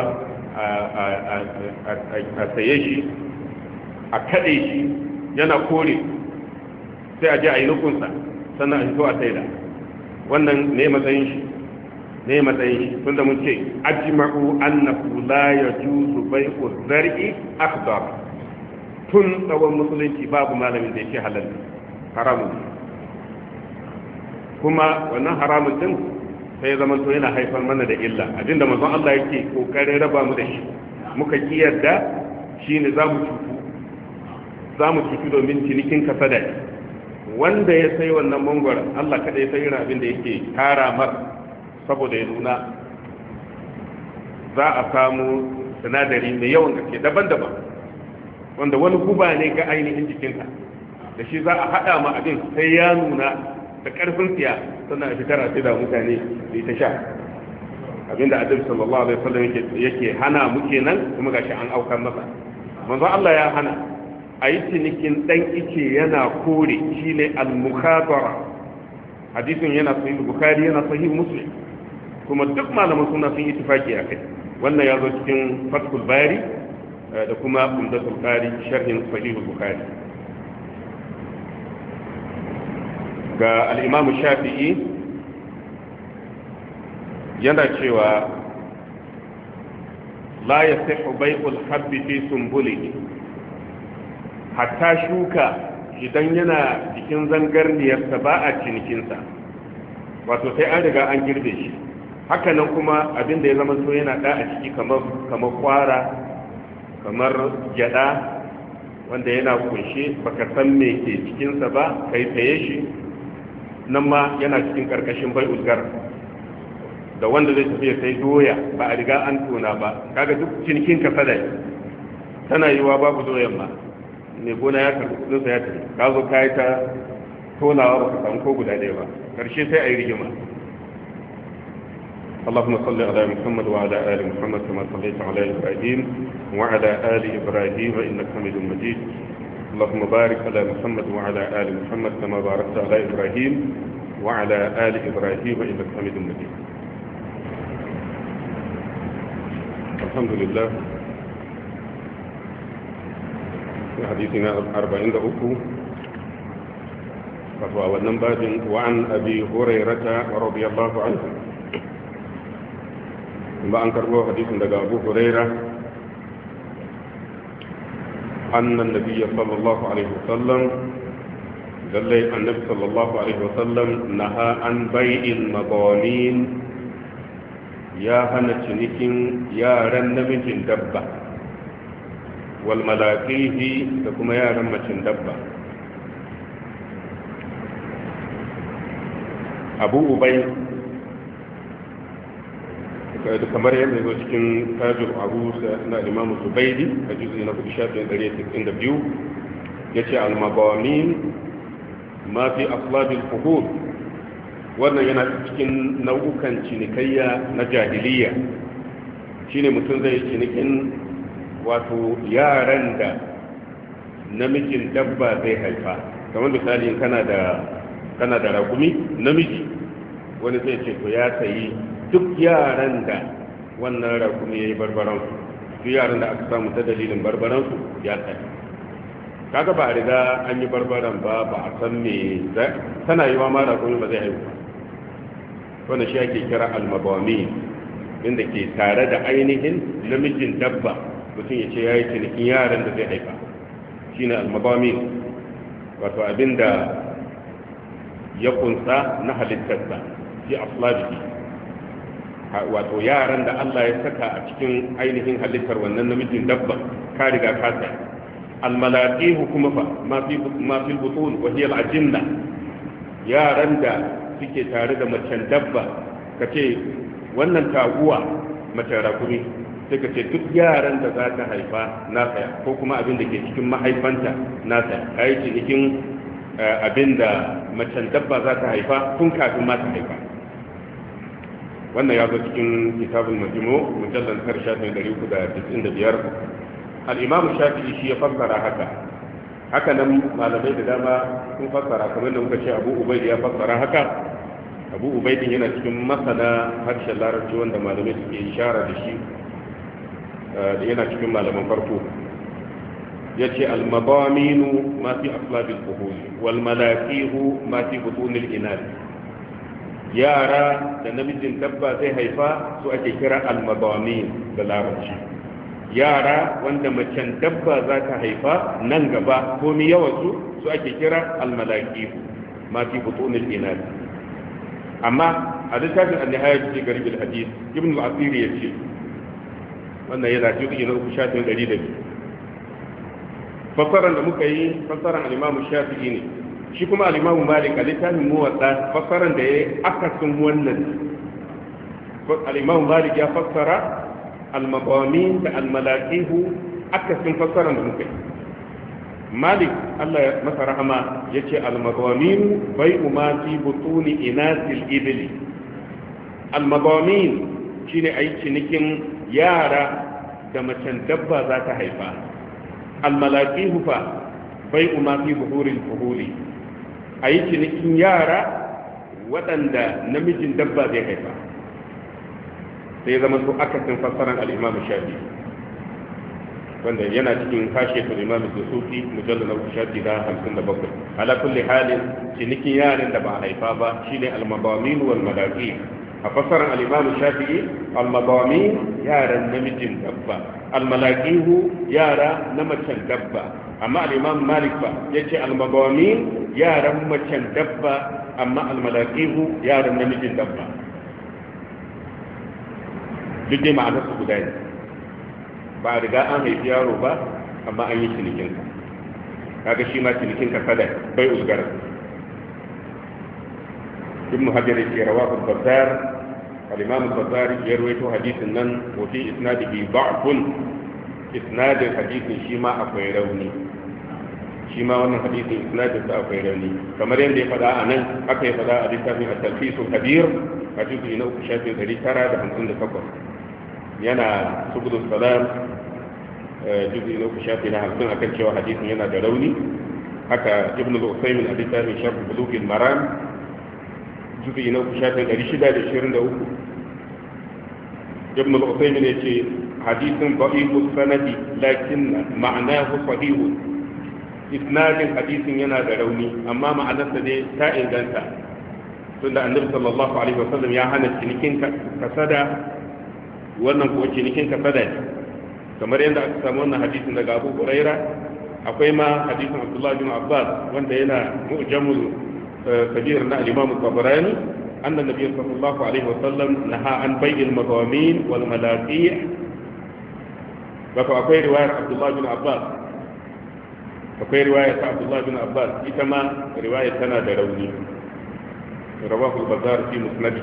S1: a saye shi a kaɗe shi yana kore sai a je a yi rukunsa sannan a fito a saida wannan ne matsayin shi ne matsayin shi tunda mun ce ajma'u annahu la yajuzu bai'u zar'i akhdar tun tsawon musulunci babu malamin da yake halal haramun kuma wannan haramun din sai zama to yana haifar mana da illa abinda manzo Allah yake kokarin raba mu da shi muka kiyarda shine zamu cutu zamu cutu domin cinikin kasada wanda ya sai wannan mangwaron Allah kada ya sai abin da yake tara mar saboda ya nuna za a samu sinadari mai yawan gaske daban-daban wanda wani guba ne ga ainihin jikinka da shi za a haɗa ma abin sai ya nuna da ƙarfin siya sannan a shekara sai da mutane da ita sha abinda adam sallallahu alaihi wasallam yake hana mu kenan kuma gashi an aukan masa manzo Allah ya hana a yi cinikin ɗan ice yana kore shi ne al-mukhabara hadisin yana sahih bukari yana sahih muslim kuma duk malaman suna sun itifaki a kai wannan ya zo cikin fatkul bari eh, da kuma umdatul qari sharhin sahih bukari ga al-imam shafi'i yana cewa la yasihu bai'ul habbi fi sumbulihi hatta shuka idan yana jikin zangarniyarsa ba a cinikinsa wato sai an riga an girbe shi Haka nan kuma abin da ya zama so yana da a ciki kamar kamar kwara kamar gyada wanda yana kunshe baka san me ke cikinsa ba kai tsaye shi nan ma yana cikin karkashin bai uzgar da wanda zai tafiya sai doya ba a riga an tona ba kaga duk cinikin ka fada tana yiwa babu doyan ba mai gona ya karɓi sa ya tafi ka zo ka yi ta tonawa ba ka samu ko guda ɗaya ba ƙarshe sai a yi rigima اللهم صل على محمد وعلى آل محمد كما صليت على إبراهيم وعلى آل إبراهيم إنك حميد مجيد اللهم بارك على محمد وعلى آل محمد كما باركت على إبراهيم وعلى آل إبراهيم إنك حميد مجيد الحمد لله hadisi na 43 wato a wannan babin wa'an abi hurairata radiyallahu anhu ba an karbo hadisin daga abu hurairata أن النبي صلى الله عليه وسلم قال النبي صلى الله عليه وسلم نهى عن بيع المضامين يا هنا تشنكين يا رن من دبة wal malaqihi da kuma yaran macin dabba abu ubai kamar yadda zo cikin tajir abu na imamu zubaidi a juzi na kudu shafin ɗari sittin da biyu ya ce almabawamin ma fi afladil fuhur wannan yana cikin nau'ukan cinikayya na jahiliya shine mutum zai cinikin wato yaran da namijin dabba zai haifa kamar misali kana da kana da rakumi namiji wani zai ce to ya sayi duk yaran da wannan rakumi ya yi barbaransu duk yaran da aka samu ta dalilin barbaransu ya sayi kaga ba a riga an yi barbaran ba ba a san me tana yi wa ma rakumi ba zai haihu ba shi ake kira almabami inda ke tare da ainihin namijin dabba mutum ya ce ya yi cinikin yaran da zai haifa shi ne almabami wato abin da ya kunsa na halittarsa fi aslabiki wato yaran da Allah ya saka a cikin ainihin halittar wannan namijin dabba ka riga kasa. Almalatihu kuma fa ma fi ma fi butun wa hiya yaran da suke tare da macen dabba ka ce wannan taguwa mace rakumi sai ka ce duk yaran da za ta haifa na saya ko kuma abin da ke cikin mahaifanta na saya ka yi cinikin eh, abin da macen dabba za ta haifa tun kafin ma ta haifa wannan ya zo cikin kitabun majimo mujallar kar shafin dari uku da tisin da biyar al'imamu shafi shi ya fassara haka haka nan malamai da dama sun fassara kamar da muka ce abu ubaid ya fassara haka abu ubaidin yana cikin masana harshen larabci wanda malamai suke ishara da shi Eh, yana cikin malaman farko ya ce almabaminu ma fi aflabil buhuli wal malakihu ma fi butunil inal yara da namijin dabba zai haifa su ake kira almabamin da larabci yara wanda macen dabba za ta haifa nan gaba komi yawansu su ake kira almalakihu ma fi butunil inal amma a littafin annihayar cikin garibin hadis ibn al ya ce wannan yana jirgi na uku shafin ɗari da biyu fassarar da muka yi fassarar alimamu shafi'i ne shi kuma alimamu malik a littafin muwatsa fassarar da ya yi akasin wannan alimamu malik ya fassara almaqamin da almalakihu akasin fassarar da muka yi malik allah ya masa rahama ya ce almaqamin bai umma fi butuni inasil shi ne a yi cinikin yara da macen dabba za ta haifa almalaki hufa bai fi buhurin buhuri a yi cinikin yara waɗanda namijin dabba zai haifa sai zama su akasin fassarar al'imamu shafi wanda yana cikin kashe su imamu da sufi mujalla na uku shafi da hamsin da bakwai ala kulli halin cinikin yaran da ba a haifa ba shine almabaminu wal malaki a fasarar al'imamu shafi'i almadami yaran namijin dabba almalakihu yara na macen dabba amma al'imamu malik ba ya ce almadami yaran macen dabba amma almalakihu yaran namijin dabba duk dai su guda ne ba a riga an haifi yaro ba amma an yi cinikinsa kaga shi ma cinikinka kada bai uzgara ابن حجر رواه البزار الإمام البزار يروي حديث نن وفي إسناده ضعف إسناد الحديث شيما أفيروني شيما وانا حديث إسناد أفيروني فمرين دي فداء نن أكي فداء دي سافي التلخيص الكبير أجيب دي نوك شافي دي سارة دي حمسون دي فقر ينا سبد السلام أجيب آه، دي نوك شافي دي حمسون أكي شوى حديث ينا دروني أكا ابن الأسيم الأبي سافي شرف بلوك المرام juzu'i na uku shafin ɗari shida da shirin da uku ibn al-usaymin ya ce hadisin da'ifu sanadi lakin ma'anahu sahihu isnadin hadisin yana da rauni amma ma'anarsa ne ta inganta tunda annabi sallallahu alaihi wasallam ya hana cinikin kasada wannan kuwa cinikin kasada ne kamar yadda aka samu wannan hadisin daga Abu Huraira akwai ma hadisin Abdullah bin Abbas wanda yana mu'jamul كبيرنا الإمام الطبراني أن النبي صلى الله عليه وسلم نهى عن بيع المضامين والملاقيع وكأكوي رواية عبد الله بن عباس وكأكوي رواية عبد الله بن عباس إتما رواية سنة دروني رواه البزار في مسنده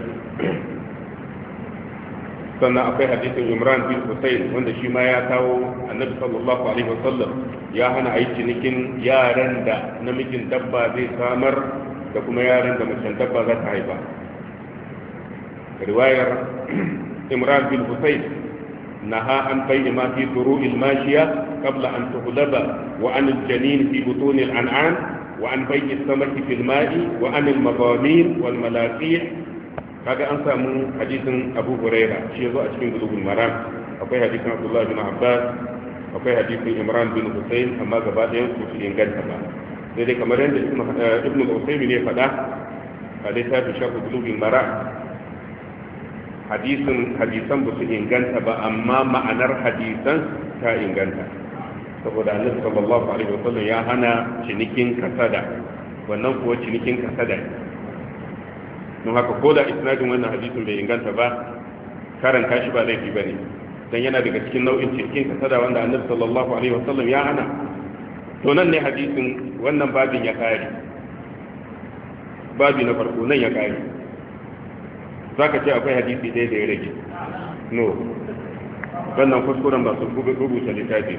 S1: سنة أكوي حديث عمران بن حسين وند شما ياتاو النبي صلى الله عليه وسلم يا هنا عيش نكين يا رندا نمكين دبا زي سامر da kuma yaran da macen dabba za ta haifa riwayar imran bin husayn نهى عن بيع ما في دروء الماشية قبل أن تغلب وعن الجنين في بطون الأنعام وعن بيع السمك في الماء وعن المضامين والملاسيح هذا أنسى من حديث أبو هريرة شيخ أشكين قلوب المرام أقول حديث عبد الله بن عباس أقول حديث عمران بن حسين أما قبائل في إنجاز Daidai kamar yadda ibn al-usaymi eh, ya faɗa a littafin shafi bulugin mara hadisin hadisan ba su inganta ba amma ma'anar hadisan ta inganta saboda annabi sallallahu alaihi wa sallam ya hana cinikin kasada wannan kuwa cinikin kasada don haka ko da isnadin wannan hadisin bai inganta ba karan kashi ba laifi bane dan yana daga cikin nau'in cinikin kasada wanda annabi sallallahu alaihi wa sallam ya hana to nan ne hadisin wannan babin ya kare babi na farko nan ya kare za ka ce akwai hadisi dai da ya rage no wannan kuskuren ba su rubuta littafi.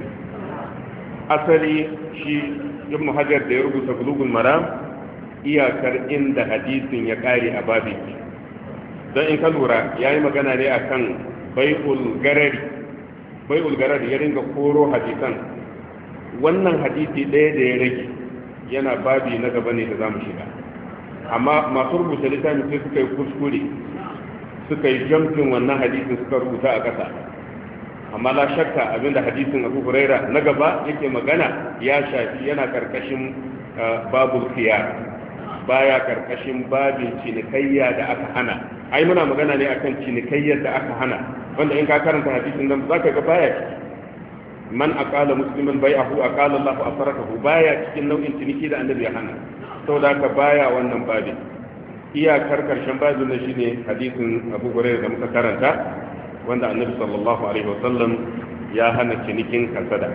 S1: asali shi yin muhajjar da ya rubuta bulugun mara. iyakar inda hadisin ya kare a babin don in ka lura ya yi magana ne a kan bai ulgarari ya ringa koro hadisan wannan hadisi ɗaya da ya rage yana babi na gaba ne da za mu shiga amma masu rubuta littafi sai suka yi kuskure suka yi jamfin wannan hadisin suka rubuta a ƙasa amma la shakka abinda hadisin abu huraira na gaba yake magana ya shafi yana karkashin eh, babul khiyar baya karkashin babin cinikayya da aka hana ai muna magana ne akan cinikayyar da aka hana wanda in ka karanta hadisin nan zaka ga baya man aqala musliman bai'ahu aqala Allahu asrakahu baya cikin nau'in ciniki da annabi ya hana saboda ka baya wannan babi iyakar karshen babin na shine hadisin Abu Hurairah da muka karanta wanda annabi sallallahu alaihi wasallam ya hana cinikin kasada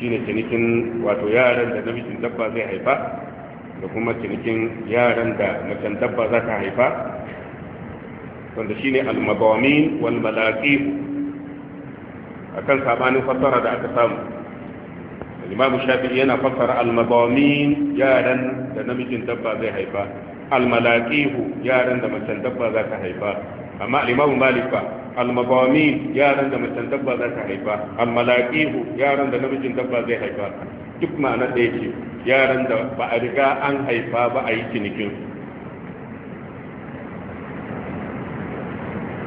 S1: shine cinikin wato yaran da namijin dabba zai haifa da kuma cinikin yaran da macen dabba za ta haifa wanda shine al mabawmin wal malaqib akan sabanin fassara da aka samu imamu shafi'i yana fassara almabamin yaran da namijin dabba zai haifa almalaqihu yaran da macen dabba za ta haifa amma imamu malik fa yaran da macen dabba za ta haifa almalaqihu yaran da namijin dabba zai haifa duk ma'ana da yake yaran da ba a riga an haifa ba a yi cinikin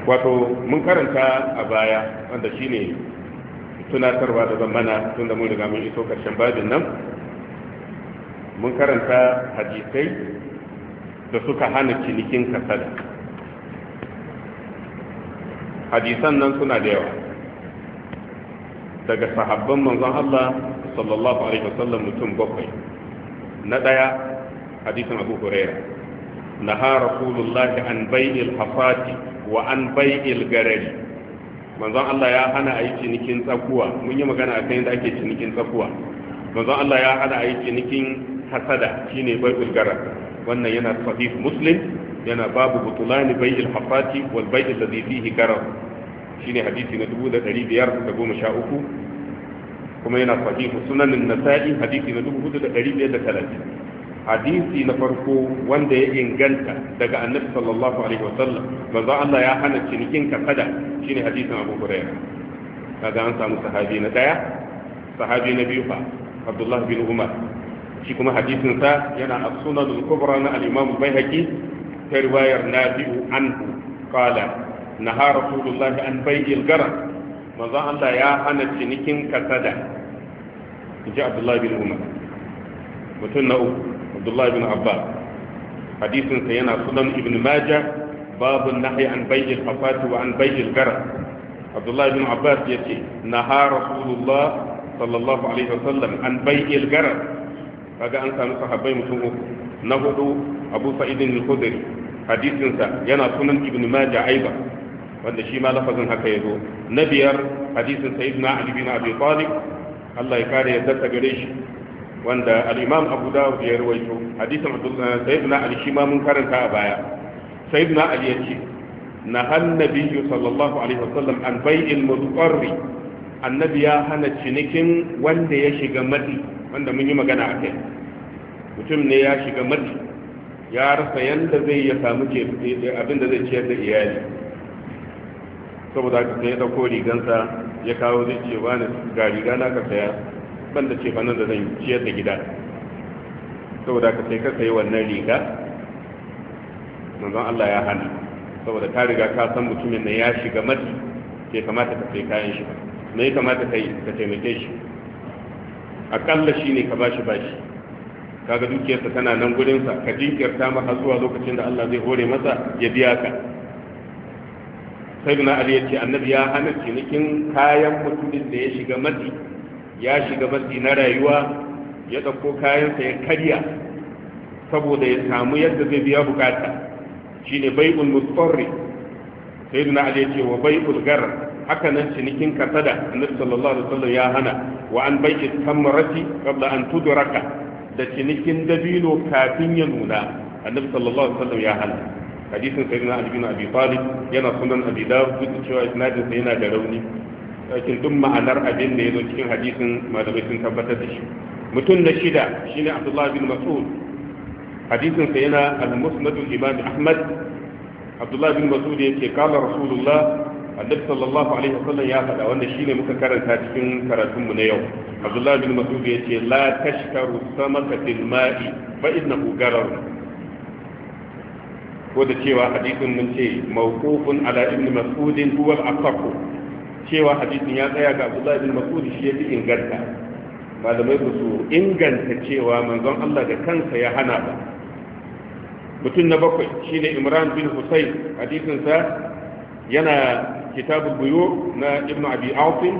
S1: wato mun karanta a baya wanda shine tunatarwa da mana tun da mun riga mun iso karshen babin nan mun karanta hadisai da suka hana cinikin kasada hadisan nan suna da yawa daga sahabban manzon Allah sallallahu alaihi wasallam mutum bakwai na daya hadisin Abu Hurairah naha rasulullahi an bai'il hafati wa an bai'il garari manzon Allah ya hana a yi cinikin tsakuwa mun yi magana akan yadda ake cinikin tsakuwa manzon Allah ya hana a yi cinikin hasada shine bai'ul garar wannan yana sahih muslim yana babu butulani bai'il hafati wal bai'il ladhi fihi garar shine hadisi na 1513 kuma yana sahih sunanin nasa'i hadisi na 4530 hadisi na farko wanda ya inganta daga annabi sallallahu alaihi wasallam manzo Allah ya hana cinikin kasada shine hadisin Abu Hurairah kaga an samu sahabi na daya sahabi na biyu fa Abdullah bin Umar shi kuma hadisin sa yana a sunan al-kubra na al-Imam al ta riwayar Nafi'u anhu qala naha rasulullahi an bai'il garam manzo Allah ya hana cinikin kasada inji Abdullah bin Umar mutum na uku abdullahi bin abbas yana sunan ibn Maja babu nahi an bayyil afati wa an bayyil gara abdullahi bin abbas rasulullah sallallahu alaihi wasallam an bayyil gara kaga an samu sahabbai mutum uku na hudu abu sa'idin al-khudri hadisin yana sunan ibn majah aiba wanda shi ma lafazin haka yazo na biyar hadisin sayyidina ali bin abi talib Allah ya kare yadda ta gare shi wanda al-imam abu dawud ya rawaito hadisin sayyidina ali shi ma mun karanta a baya sayyidina ali ya ce na النبي صلى sallallahu alaihi wasallam an بيع mudqarri Annabi ya hana cinikin wanda ya shiga mati wanda mun yi magana a kai mutum ne ya shiga mati ya rasa yanda zai ya samu abin da zai ciyar da iyali saboda haka sai ya dauko rigansa ya kawo zai ce wani ga riga na ka saya ban da ce nan da zan ciyar da gida saboda ka sai ka sayi wannan riga manzon Allah ya hana saboda ka riga ka san mutumin nan ya shiga mati ke kamata ka sai kayan shi ba me kamata ka ka taimake shi akalla shi ne ka bashi bashi kaga dukiyarsa tana nan gurinsa ka jinkirta maka zuwa lokacin da Allah zai hore masa ya biya ka sai na ali ce annabi ya hana cinikin kayan mutumin da ya shiga mati. ya shiga matsi na rayuwa ya ɗauko kayansa ya karya saboda ya samu yadda zai biya bukata shine bai'ul mustarri sayyidina ali ya ce wa bai'ul gar haka nan cinikin kasada annabi sallallahu alaihi wasallam ya hana wa an bai'i tamarati qabla an tudraka da cinikin dabino kafin ya nuna annabi sallallahu alaihi wasallam ya hana hadisin sayyidina ali bin abi talib yana sunan abi dawud duk cewa isnadin sa yana da rauni lakin duk ma'anar abin da ya zo cikin hadisin malamai sun tabbatar da shi mutum na shida shine abdullahi bin mas'ud hadisin sa yana al-musnad al-imam ahmad abdullahi bin mas'ud ya ce, kala rasulullah annabi sallallahu alaihi wasallam ya faɗa wanda shine muka karanta cikin karatun mu na yau abdullahi bin mas'ud ya ce, la tashkaru samaka fil ma'i fa innahu garar ko da cewa hadisin mun ce mawqufun ala ibn mas'ud huwa al-aqrab cewa hadisin ya tsaya ga Abdullahi bin Mas'ud shi yafi inganta malamai ba su inganta cewa manzon Allah da kansa ya hana ba mutum na bakwai shine Imran bin Husayn hadisin sa yana kitabul buyu na Ibn Abi Awfin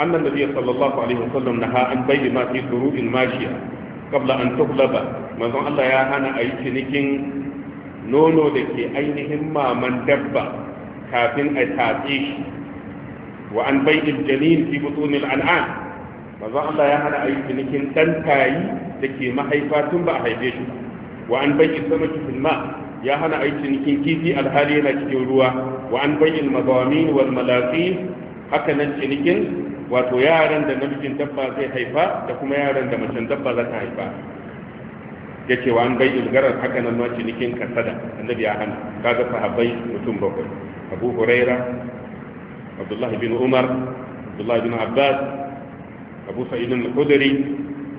S1: annan nabi sallallahu alaihi wasallam naha an bayyana ma fi surudin mashiya qabla an tuqlaba manzon Allah ya hana ayi cinikin nono da ke ainihin maman dabba kafin a tafi shi wa an bai'il janin fi butunil an'am manzo Allah ya hana ayi cinikin dan tayi dake mahaifa tun ba a haife shi wa an bai'il samaki fil ma ya hana ayi cinikin kifi alhali yana cikin ruwa wa an bai'il mazamin wal malaqin haka cinikin wato yaran da namijin dabba zai haifa da kuma yaran da macen dabba za ta haifa ya ce wa an bai ilgarar haka nan ma cinikin kasada annabi ya hana kaga sahabbai mutum bakwai abu huraira abdullahi bin umar abdullahi bin abbas abu sa'id al-khudri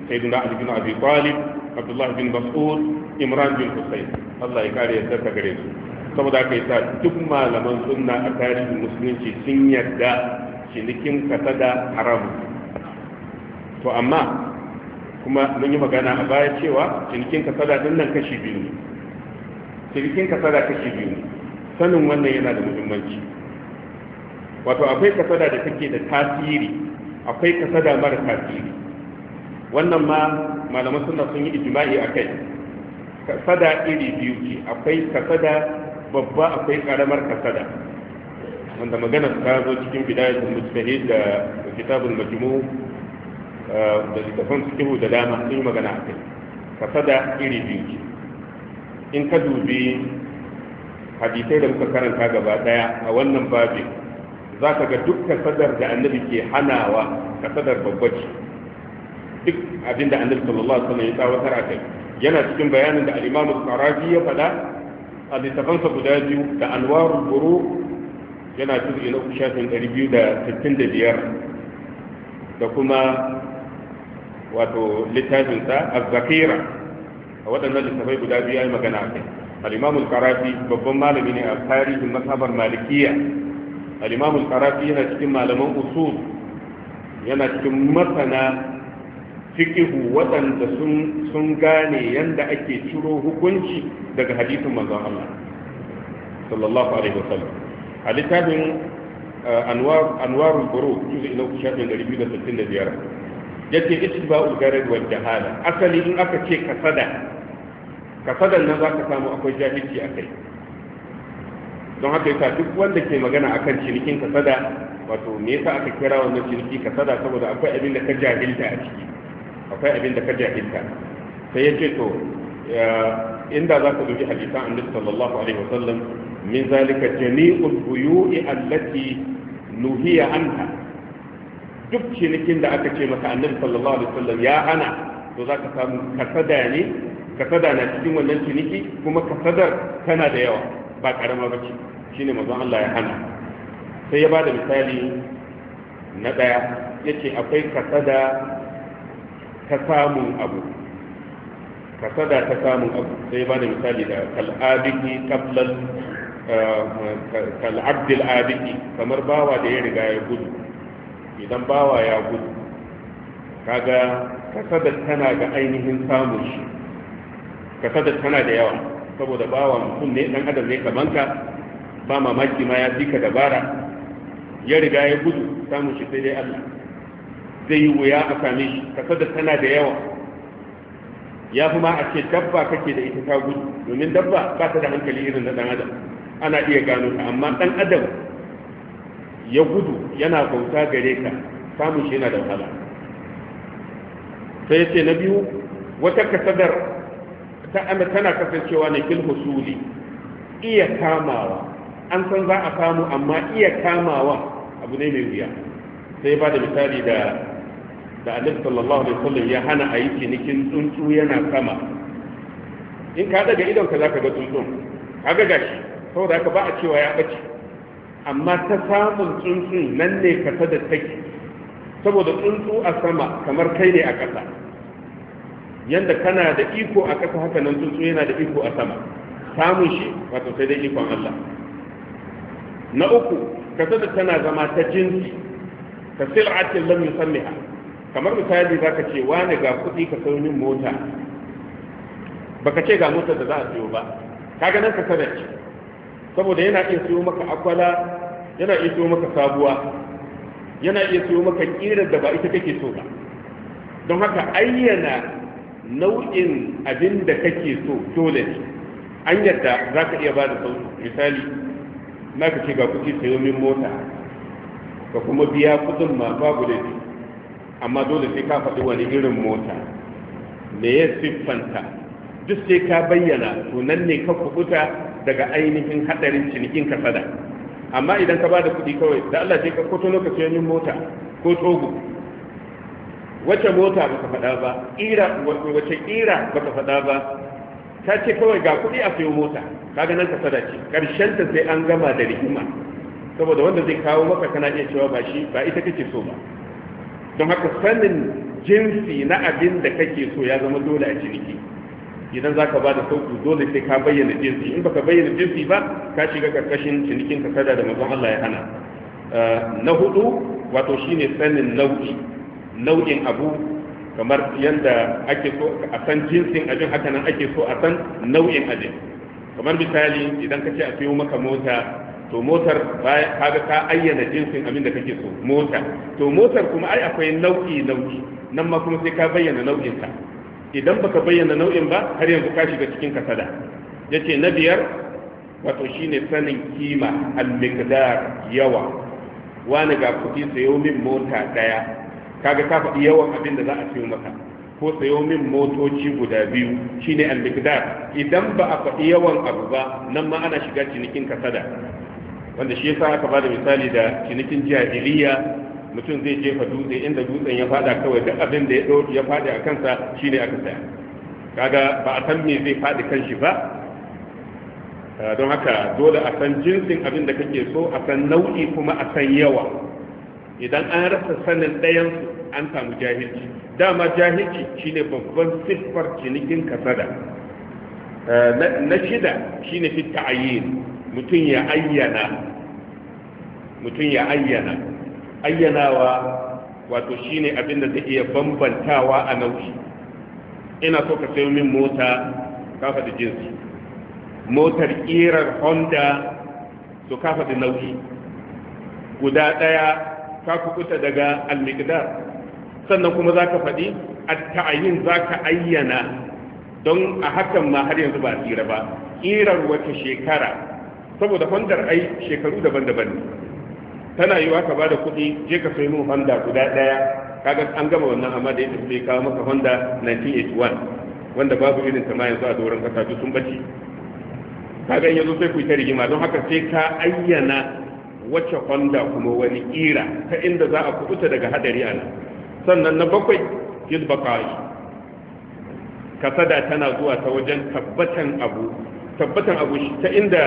S1: sayyidina ali bin abi talib abdullahi bin mas'ud imran bin husayn Allah ya kare yadda ka gare su saboda haka yasa duk malaman sunna a tarihin musulunci sun yarda cinikin kasa da haram to amma kuma mun yi magana a baya cewa cinikin kasa da din nan kashi biyu ne cinikin kasa kasada kashi biyu ne sanin wannan yana da muhimmanci wato akwai kasada da take da tasiri akwai kasada mara tasiri wannan ma malaman suna sun yi ijma'i a kai kasada iri biyu ce akwai kasada babba akwai karamar kasada wanda magana ta zo cikin bidayatul mujtahid da kitabul majmu eh, da littafin fiqh da dama sun yi magana a kai kasada iri biyu ce in ka dubi hadisai da muka karanta gaba daya a wannan babin za ka ga dukkan sadar da annabi ke hanawa ka sadar babbaci duk abinda annabi sallallahu alaihi wasallam ya tsawatar a kai yana cikin bayanin da al-imamu qarazi ya faɗa a littafansa guda biyu da anwarul buru yana cikin na shafin 265 da kuma wato littafinsa az-zakira a waɗannan littafai guda biyu ya yi magana a kai al-imamu qarazi babban malami ne a tarihin masabar malikiya al-imam yana cikin malaman usul yana cikin masana fikihu waɗanda sun gane yadda ake ciro hukunci daga hadisin manzon Allah sallallahu alaihi wasallam a littafin eh, anwarul buru juzu ila shafin 265 yace ittiba'ul garad wal jahala asali in aka ce kasada kasadan nan ka samu akwai jahilci a kai. don haka yasa duk wanda ke magana akan cinikin kasada wato me yasa aka kira wannan ciniki kasada saboda akwai abin da ka jahilta a ciki akwai abin da ka jahilta sai ya ce to inda za ka dubi hadisan annabi sallallahu alaihi wasallam min zalika jami'ul buyu'i allati nuhiya anha duk cinikin da aka ce maka annabi sallallahu alaihi wasallam ya hana to za ka samu kasada ne kasada na cikin wannan ciniki kuma kasadar tana da yawa ba karama ba ce ne mazan Allah ya hana sai ya ba da misali na ɗaya ya ce akwai kasada ta samun abu kasada ta samun abu sai ya ba da misali da kal'abiki qablal eh, kal'abdil abiki kamar bawa da ya riga ya gudu idan bawa ya gudu kaga kasada tana ga ainihin samun shi kasada tana da yawa saboda bawa mutum ne dan adam ne kaman ka ba mamaki ma ya fi ka dabara ya riga ya gudu samun shi sai dai Allah zai yi wuya a same shi kasar da tana da yawa ya fi ma a ce dabba kake da ita ta gudu domin dabba ba ta da hankali irin na dan adam ana iya gano ta amma dan adam ya gudu yana bauta gare ka samun shi yana da wahala sai ce na biyu wata kasadar ta ana tana kasancewa ne fil husuli iya kamawa an san za a samu amma iya kamawa abu ne mai wuya sai ba da misali da da annabi sallallahu alaihi wasallam ya hana a yi cinikin tsuntsu yana sama in ka daga idon ka zaka ga tsuntsun ga gashi saboda haka ba a cewa ya bace amma ta samun tsuntsun nan ne kasa da take saboda tsuntsu a sama kamar kai ne a ƙasa yanda kana da iko a ƙasa haka nan tsuntsu yana da iko a sama samun shi wato sai dai ikon Allah na uku kasa da tana zama ta jinsi ta sil'atin lam yusammiha kamar misali zaka ce wani ga kuɗi ka min mota baka ce ga mota da za a siyo ba kaga nan ka sanar saboda yana iya siyo maka akwala yana iya siyo maka sabuwa yana iya siyo maka kirar da ba ita kake so ba don haka ayyana nau'in abin da kake so dole ne an yadda za ka iya ba da sautu misali na ka ce ga kuɗi sayo min mota ka kuma biya kuɗin ma babu da shi amma dole sai ka faɗi wani irin mota me ya siffanta duk sai ka bayyana to ne ka kubuta daga ainihin haɗarin cinikin kasada amma idan ka ba da kuɗi kawai da Allah sai ka kwato yin mota ko tsogo wace mota baka faɗa ba ƙira wace ƙira baka faɗa ba ta ce kawai ga kuɗi a sayo mota kaga nan ka sada ce karshen ta sai an gama da rigima saboda wanda zai kawo maka kana iya cewa ba shi ba ita kake so ba don haka sanin jinsi na abin da kake so ya zama dole a ciniki idan za ka ba da sauki dole sai ka bayyana jinsi in baka bayyana jinsi ba ka shiga karkashin cinikin ka sada da mazan Allah ya hana eh, na hudu wato shine sanin nau'i nau'in abu kamar yadda ake so a san jinsin abin haka nan ake so a san nau'in abin kamar misali idan ka ce a fiye maka mota to motar kaga ka ayyana jinsin abin da kake so mota to motar kuma ai akwai nau'i nau'i nan ma kuma sai ka bayyana nau'in ka idan baka bayyana nau'in ba har yanzu ka shiga cikin kasada yace na biyar wato shine sanin kima al-miqdar yawa wani ga kudi sayo min mota daya kaga ka faɗi yawan abin da za a siyo maka ko sayo min motoci guda biyu shine al-miqdar idan ba a faɗi yawan abu ba nan ma ana shiga cinikin kasada wanda shi yasa aka bada misali da cinikin jahiliya mutum zai jefa dutse inda dutsen ya fada kawai da abin da ya ya fada a kansa shine aka saya kaga ba a san me zai fadi shi ba don haka dole a san jinsin abin da kake so a san nau'i kuma a san yawa idan an rasa sanin ɗayansu an samu jahilci dama jahilci shine babban siffar cinikin kasada eh, na shida shine fi ta'ayyin mutum ya ayyana mutum ya ayyana ayyanawa wato shine abin da zai iya bambantawa a nauyi ina so ka sayo min mota kafa da jinsi motar kirar honda to kafa da nauyi guda ɗaya ka kubuta daga almigdar sannan kuma za ka faɗi a ta'ayin za ka ayyana don a hakan ma har yanzu ba tsira ba ƙirar wata shekara saboda fandar ai shekaru daban-daban ne tana wa ka ba da kuɗi je ka sai mun fanda guda ɗaya kaga an gama wannan amma da ya tafi kawo maka fanda 1981 wanda babu irin ta ma yanzu a doron kasa sun bace kaga yanzu sai ku yi ta rigima don haka sai ka ayyana wacce honda kuma wani kira ta inda za a kubuta daga hadari a sannan na bakwai bakawai kasada tana zuwa ta wajen tabbatan abu tabbatan abu shi ta inda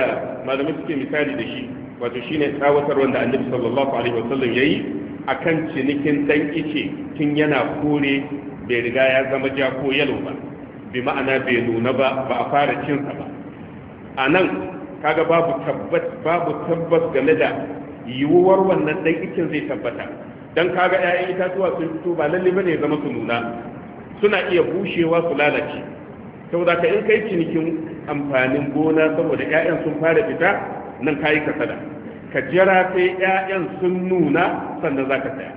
S1: malamai suke misali da shi wato shi ne tsawatar wanda annabi sallallahu alaihi wasallam a kan cinikin dan ice tun yana kore bai riga ya zama ja ko yalo ba bi ma'ana bai nuna ba ba a fara cinsa ba a nan kaga babu tabbas babu tabbas game da yiwuwar wannan dan ikin zai tabbata dan kaga ƴaƴan itatuwa sun fito ba lalle bane ya zama su nuna suna iya bushewa su lalace saboda ka in kai cinikin amfanin gona saboda ƴaƴan sun fara fita nan kayi kasada ka jira sai ƴaƴan sun nuna sannan zaka saya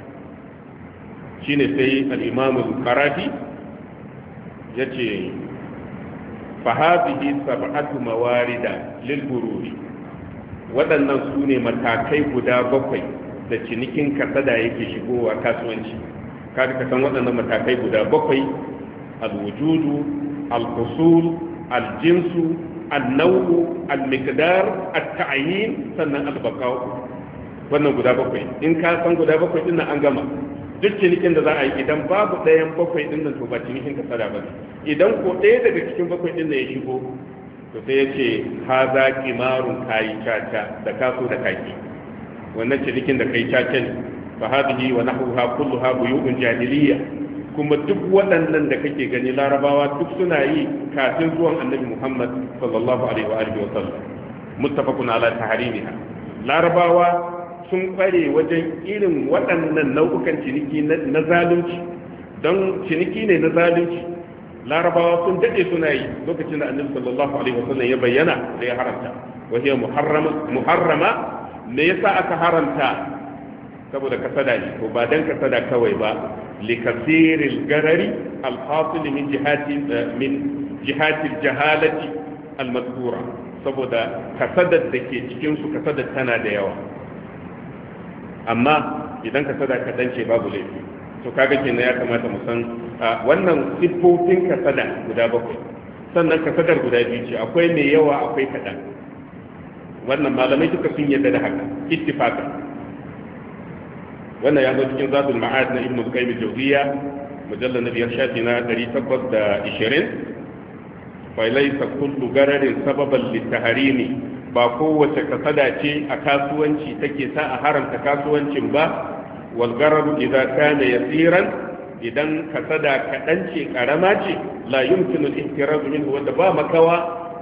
S1: shine sai al-imamu al-qarafi yace فهذه سبعة موارد للبروج waɗannan su ne matakai guda bakwai da cinikin kasada yake shigowa kasuwanci kada ka san waɗannan matakai guda bakwai alwujudu alhusul aljinsu annau almiqdar at-ta'yin sannan albaqa'u wannan guda bakwai in ka san guda bakwai din an gama duk cinikin da za a yi idan babu ɗayan bakwai ɗin nan to ba cinikin kasada ba idan ko ɗaya daga cikin bakwai ɗin nan ya shigo to sai ya ce ha za marun kayi caca da kaso da kaki wannan cinikin da kai caca ne fa yi wa ha kulluha buyu'un jahiliyya kuma duk waɗannan da kake gani larabawa duk suna yi kafin zuwan annabi muhammad sallallahu alaihi wa wa sallam muttafaqun ala tahrimiha larabawa sun kware wajen irin waɗannan nau'ukan ciniki na zalunci don ciniki ne na zalunci larabawa sun daɗe suna yi lokacin da annabi sallallahu alaihi wasallam ya bayyana da ya haramta wa hiya muharrama me yasa aka haramta saboda kasada ne ko ba dan kasada kawai ba li garari al hasil min jihati eh, min jihati jahalati al saboda kasadar da ke cikin su kasadar tana da yawa amma idan ka sada ka dance babu laifi to kaga kenan ya kamata mu san wannan siffofin ka sada guda bakwai sannan ka sadar guda biyu ce akwai mai yawa akwai kaɗan wannan malamai duka sun yadda da haka ittifaka wannan ya zo cikin zabul ma'ad na ibnu qayyim al-jawziyya mujallal na biyar shafi na 820 fa laysa kullu gararin sababan litaharimi ba kowace kasada ce a kasuwanci take sa a haramta kasuwancin ba wal gararu idza kana yasiran idan kasada kaɗan ce karama ce la yumkinu al-ihtiraz minhu wanda ba makawa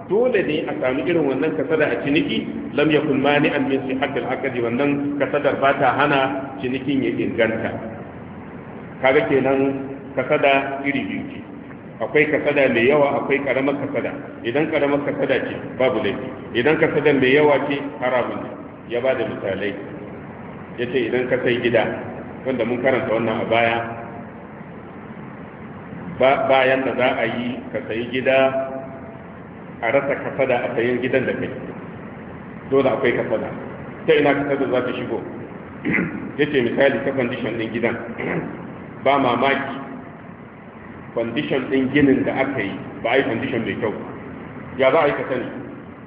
S1: dole ne a samu irin wannan kasada a ciniki lam yakun an min sihhatil aqdi wannan kasadar ba ta hana cinikin ya inganta kaga kenan kasada iri biyu akwai kasada mai yawa akwai karamar kasada idan karamar kasada ce babu laifi idan kasada mai yawa ce haramun ne ya ba da misalai ya ce idan ka sai gida wanda mun karanta wannan a baya bayan da za a yi ka sayi gida a rasa kasada a sayin gidan da kai dole akwai kasada ta ina kasada za ta shigo ya ce misali ta kwandishan din gidan ba mamaki condition ɗin ginin da aka yi ba a yi kwandishan mai kyau ya za a yi ka sani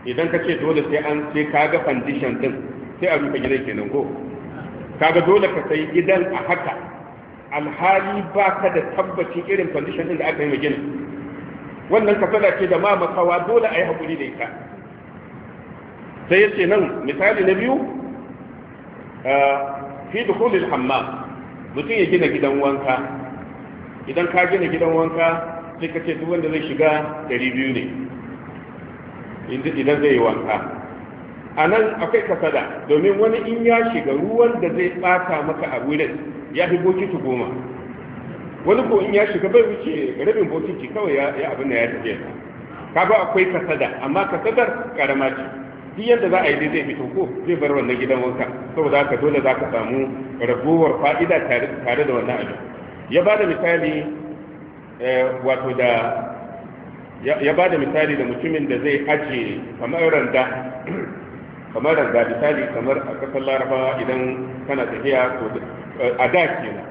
S1: idan ka ce dole sai an sai ka ga condition ɗin sai a rufe gidan kenan ko ga dole ka sai gidan a haka alhali ba ka da tabbacin irin condition ɗin da aka yi mai ginin wannan ka fada ce da ma makawa dole a yi haƙuri da ita sai ya ce nan misali na biyu eh, fi dukulil hammam mutum ya gina gidan wanka idan ka gina gidan wanka sai ka ce duk wanda zai shiga dari biyu ne idan zai yi wanka a nan akwai kasada domin wani in ya shiga ruwan da zai ɓata maka a wurin ya fi bokiti goma wani ko in ya shiga bai wuce rabin bokiti kawai ya abin da ya Ka kaga akwai kasada amma kasadar karama ce duk yadda za a yi zai fito ko zai bar wannan gidan wanka saboda haka dole za ka samu ragowar fa'ida tare da wannan abin ya ba da misali eh, wato da ya ba da misali da mutumin da zai ajiye kamar randa kamar randa misali kamar a kasar larabawa idan kana tafiya eh, a da na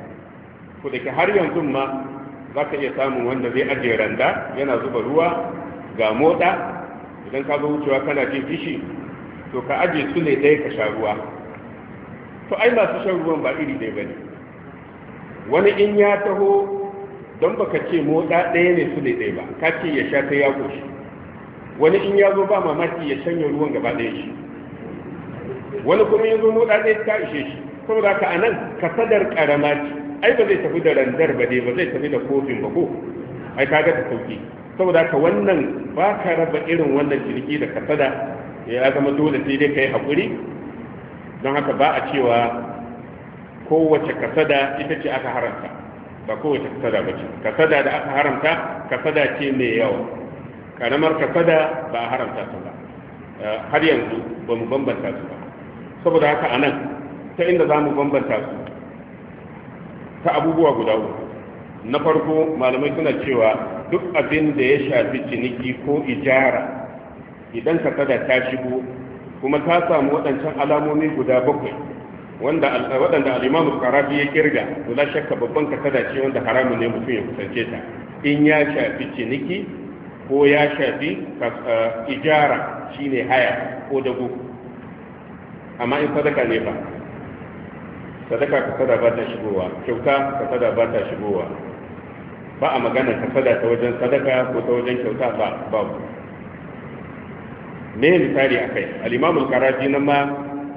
S1: ko da ke har yanzu ma za ka iya samun wanda zai ajiye randa yana zuba ruwa ga mota idan ka ga wucewa kana jin fishi to ka ajiye su ne ɗaya ka sha ruwa to ai masu shan ruwan ba iri ɗaya ba ne wani in ya taho don baka ce motsa ɗaya ne su ɗaya ba ka ce ya sha ta ya koshi wani in ya zo ba mamaki ya sanya ruwan gaba ɗaya shi wani kuma ya zo motsa ɗaya ta ishe shi saboda ka anan ka sadar ƙarama ce ai ba zai tafi da randar ba ne ba zai tafi da kofin ba ko ai ka ta sauki saboda ka wannan ba ka raba irin wannan ciniki da kasada ya zama dole sai dai ka yi haƙuri don haka ba a cewa kowace kasada ita ce aka haramta ba kowace kasada ba ce kasada da aka haramta kasada ce mai yawa karamar kasada ba a haramta su ba eh, har yanzu ba mu bambanta su ba saboda haka a nan ta inda za mu bambanta su ta abubuwa guda uku na farko malamai suna cewa duk abin da ya shafi ciniki ko ijara idan kasada ta shigo kuma ta samu waɗancan alamomi guda bakwai wanda waɗanda al'imamu karafi ya kirga to la shakka babban kasada ce wanda haramun ne mutum ya kusance ta in ya shafi ciniki ko ya shafi ijara shine haya ko dago amma in sadaka ne ba sadaka kasada ba ta shigowa kyauta kasada ba ta shigowa ba a magana kasada ta wajen sadaka ko ta wajen kyauta ba ba me misali akai al-imamu karafi nan ma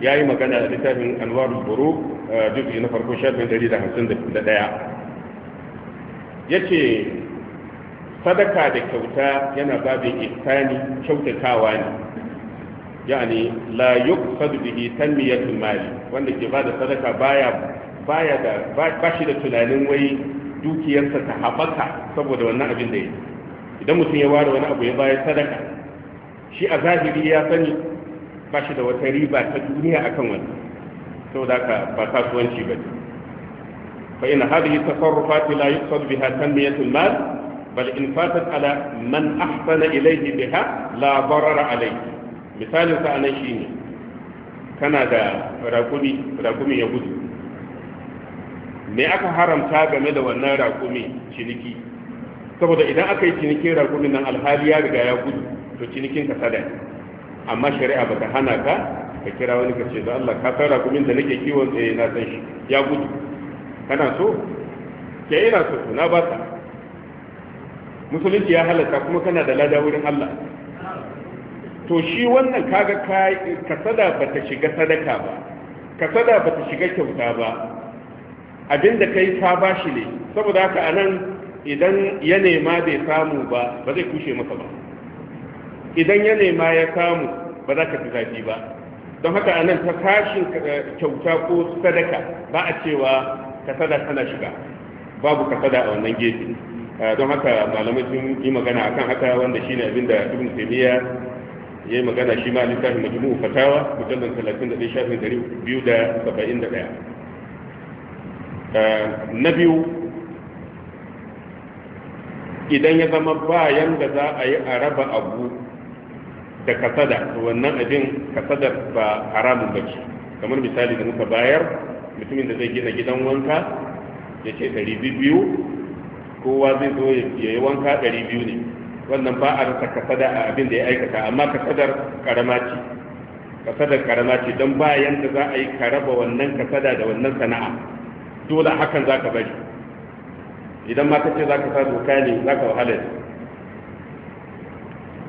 S1: ya yi magana a littafin anwarul buru uh, juzi na farko shafin 151 yace sadaka da kyauta yana babin ihsani kyautatawa ne yani la yuqsadu bihi tanmiyatul mali wanda ke bada sadaka baya baya da ba shi da tunanin wai dukiyarsa ta haɓaka saboda wannan abin da yi idan mutum ya ware wani abu ya bayar sadaka shi a zahiri ya sani ba shi da wata riba ta duniya akan wani sau da ka ba kasuwanci ba ne fa ina hadhihi tasarrufati la yuqsad biha tanmiyatu mal bal in fatat ala man ahsana ilayhi biha la darara alayhi misalin sa anan shine kana da rakumi rakumi ya gudu me aka haramta game da wannan rakumi ciniki saboda idan aka yi cinikin rakumin nan alhali ya riga ya gudu to cinikin ka sadaka amma shari'a ba ta hana ka ka kira wani ka ce da Allah ka ku min da nake kiwon tsaye eh, na san shi ya gudu kana so ke ina so na ba ta musulunci ya halatta kuma kana da lada wurin Allah to shi wannan kaga kasada ba ta shiga sadaka ba kasada ba ta shiga kyauta ba abinda kai ka bashi ne saboda haka anan idan ya nema bai samu ba ba zai kushe masa ba idan ya nema ya samu ba za ka fi zafi ba don haka a nan ta kashin eh, kyauta ko sadaka ba a cewa kasada tana shiga babu kasada a wannan gefe eh, don haka malamai sun yi magana akan haka wanda shine abin da ibn taymiya ya yi magana shi ma littafin majmu'u fatawa da 31 shafin 271 eh, na biyu idan ya zama bayan da za a yi a raba abu da kasada wannan abin kasadar ba haramun ba ce kamar misali da muka bayar mutumin da zai gina gidan wanka ya ce ɗari biyu kowa zai zo ya yi wanka ɗari biyu ne wannan ba a rasa kasada a abin da ya aikata amma kasadar karama ce kasadar karama ce don bayan da za a yi karaba wannan kasada da wannan sana'a dole hakan za ka bari idan ma ka ce za ka sa doka ne za ka wahala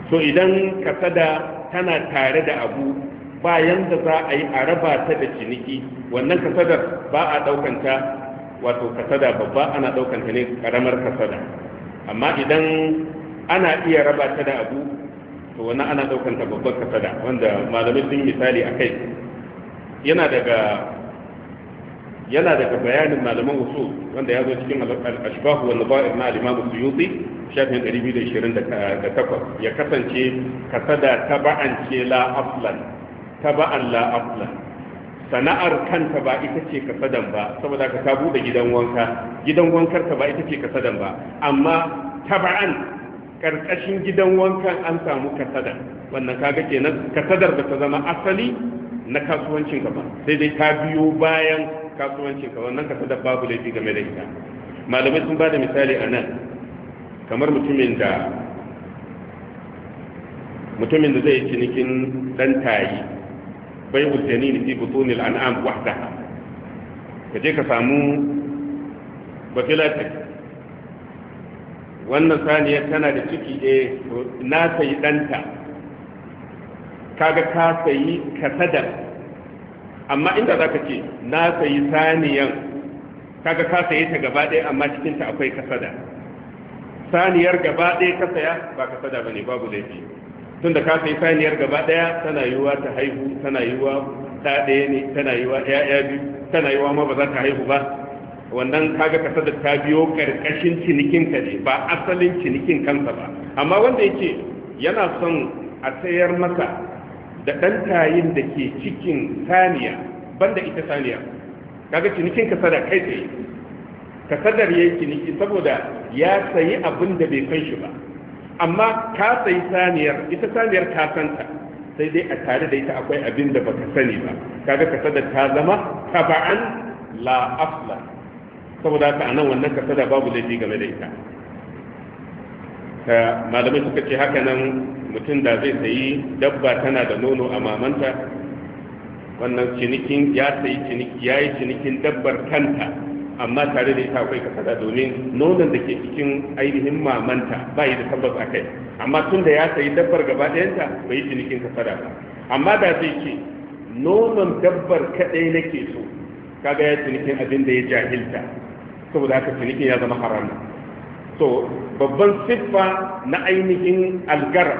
S1: to idan kasada tana tare da abu bayan da za a yi a raba ta da ciniki wannan kasada ba a ɗaukanta wato kasada babba ana ɗaukanta ne ƙaramar kasada amma idan ana iya raba ta da abu to wannan ana ɗaukanta babbar kasada wanda malamai sun misali a kai yana daga yana daga bayanin malaman usul wanda ya zo cikin al-ashbah wal nadair na al-imam suyuti shafin 228 ya kasance kasada taba'an ce la aflan taba'an la aflan sana'ar kanta ba ita ce kasadan ba saboda ka ta bude gidan wanka gidan wankar ta ba ita ce kasadan ba amma taba'an karkashin gidan wankan an samu kasadar wannan kaga kenan kasadar da ta zama asali na kasuwancin ka ba sai dai ta biyo bayan kasuwancin ka wannan kasadar babu laifi game da ita malamai sun bada misali a nan kamar mutumin da mutumin da zai cinikin dan tayi bai wujjani ne fi butunil an'am wahda ka je ka samu bafilatik wannan saniyar tana da ciki eh na sayi ɗanta kaga ka sayi kasadar amma inda za ka ce na sayi saniyan kaga ka sayi ta gaba ɗaya amma cikinta akwai kasada saniyar gaba ɗaya ka saya ba ka sada ne babu laifi tun da ka sayi saniyar gaba ɗaya tana yiwuwa ta haihu tana yiwuwa ta ɗaya ne tana yiwuwa ya'ya biyu tana yiwuwa ma ba za ta haihu ba wannan kaga ka sada ta biyo karkashin cinikin ka ne ba asalin cinikin kansa ba amma wanda yake yana son a sayar masa da ɗan tayin da ke cikin saniya banda ita saniya kaga cinikin ka sada kai tsaye ka ya yayi ciniki saboda ya sayi abin da bai kai shi ba amma ka sayi saniyar ita saniyar ka santa sai dai a tare da ita akwai abin da baka sani ba kaga ka sadar ta zama taba'an la afla saboda ka anan wannan ka sadar babu laifi game da ita malamai suka ce haka nan mutum da zai sayi dabba tana da nono a mamanta wannan cinikin ya yi cinikin dabbar kanta amma tare da ita akwai kasada domin nonon da ke cikin ainihin mamanta ba yi da tabbas a kai amma tun da ya sayi dabbar gaba ɗayanta bai yi cinikin kasada ba amma da zai ce nonon dabbar kaɗai nake so kaga ya cinikin abin da ya jahilta saboda haka cinikin ya zama haram so babban siffa na ainihin algara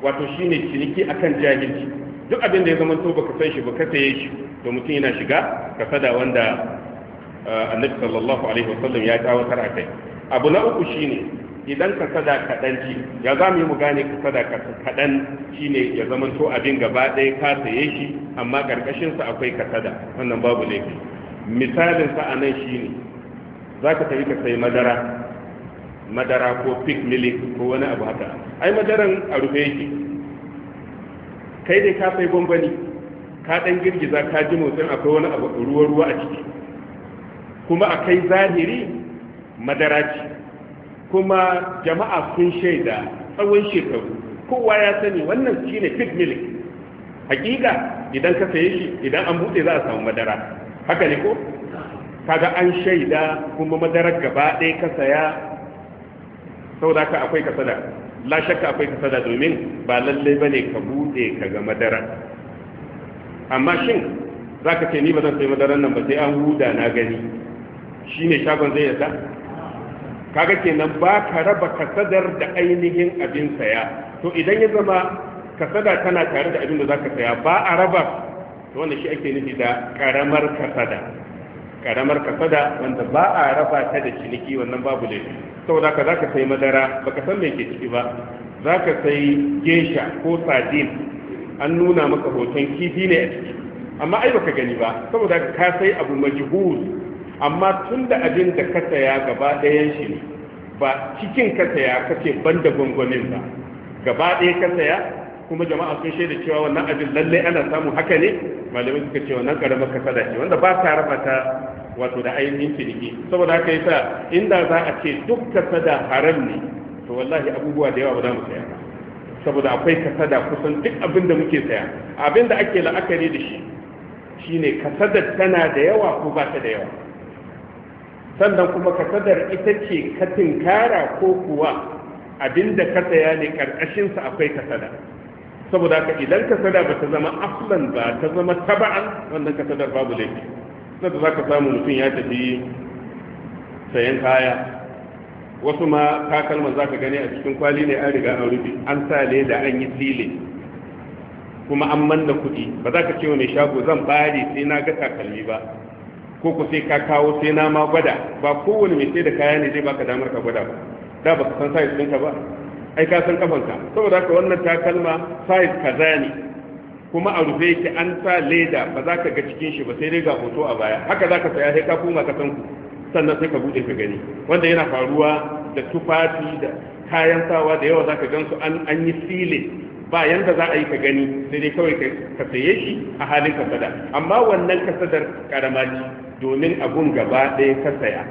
S1: wato shine ciniki akan jahilci duk abin da ya zama to baka san shi ba ka saye shi to mutum yana shiga kasada wanda annabi sallallahu alaihi wasallam ya tara kai abu na uku shine idan ka sada kaɗan ci ya za mu yi mu gane ka sada kaɗan shi ne ya zamanto abin gaba ɗaya ka saye shi amma ƙarƙashinsa akwai ka sada wannan babu laifi misalin sa a nan za ka tafi ka sayi madara madara ko pig milk ko wani abu haka ai madaran a rufe yake kai dai ka sai gwangwani ka ɗan girgiza ka ji motsin akwai wani abu ruwa ruwa a ciki kuma akai zahiri madaraci kuma jama'a sun shaida tsawon shekaru kowa ya sani wannan shine fit milk hakika idan ka saye shi idan an buɗe za a samu madara haka ne ko kaga an shaida kuma madarar gaba ɗaya ka saya saboda ka akwai ka sada, la shakka akwai ka sada domin ba lallai bane ka bude ka ga madara amma shin zaka ce ni ba zan sayi madaran nan ba sai an huda na gani shi ne shagon zai yasa kaga kenan ba ka raba kasadar da ainihin abin saya to idan ya zama kasada tana tare da abin da za ka saya ba a raba to wanda shi ake nufi da karamar kasada karamar kasada wanda ba a raba ta da ciniki wannan babu dai, saboda ka za ka sai madara ba ka san me ke ciki ba za ka sai gesha ko sadin an nuna maka hoton kifi ne a ciki amma ai baka gani ba saboda ka sai abu majhul amma tun da abin da ka saya gaba ɗayan shi ne ba cikin ka saya kace ban da gwangwanin ba gaba ɗaya ka saya kuma jama'a sun shaida cewa wannan abin lallai ana samu haka ne malamai suka ce wannan karamar kasada ce wanda ba ta raba ta wato da ainihin ciniki saboda haka yasa inda za a ce duk kasada haram ne to wallahi abubuwa da yawa ba za mu saya ba saboda akwai kasada kusan duk abin da muke saya abin da ake la'akari da shi shine kasadar tana da yawa ko ba ta da yawa sannan kuma kasadar ita ce katin kara ko kuwa abinda ka saya ne karkashinsa akwai kasada saboda haka idan kasada ba ta zama aflan ba ta zama taba'an wannan kasadar babu laifi sai za ka samu mutum ya tafi sayan kaya wasu ma takalman za ka gani a cikin kwali ne an riga an rufe an sa leda an yi sile kuma an manna kuɗi ba za ka ce wa mai shago zan bari sai na ga takalmi ba ko ku sai ka kawo sai na ma gwada ba kowane mai sai da kaya ne zai baka damar ka gwada ba da baka san size ɗinka ba ai ka san kafanka saboda haka wannan takalma size kaza ne kuma a rufe yake an sa leda ba za ka ga cikin shi ba sai dai ga hoto a baya haka za ka saya sai ka koma ka san ku sannan sai ka bude ka gani wanda yana faruwa da tufafi da kayan sawa da yawa za ka gan su an yi sile ba yanda za a yi ka gani sai dai kawai ka saye shi a halin kasada amma wannan kasadar karama domin abun gaba ɗaya ka saya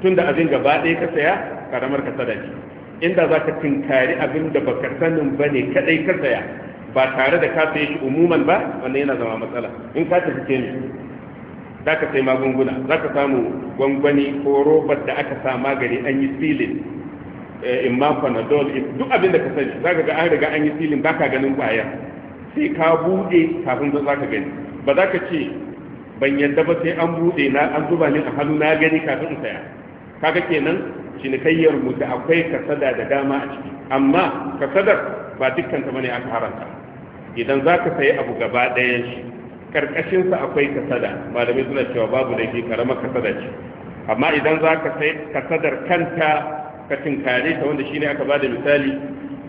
S1: tunda abin gaba ɗaya ka saya karamar ka sadaki inda za ka tunkari abin da baka sanin ba ne kaɗai ka saya ba tare da ka saye shi umuman ba wannan yana zama matsala in ka tafi ne. za ka sai magunguna za ka samu gwangwani ko robar da aka sa magani an yi silin eh, in ma panadol duk abin da ka sani za ka ga an riga an yi silin ba ka ganin kwaya sai ka buɗe kafin za ka gani ba za ka ce ban yadda ba sai an bude na an zuba ni a hannu na gani kafin in saya kaga kenan cinikayyar mu da akwai kasada da dama a ciki amma kasadar ba dukkan ta bane aka haranta idan za ka sayi abu gaba ɗayan shi karkashinsa akwai kasada malamai suna cewa babu laifi karamar kasada ce amma idan za ka sayi kasadar kanta ka tinkare ta wanda shine aka bada misali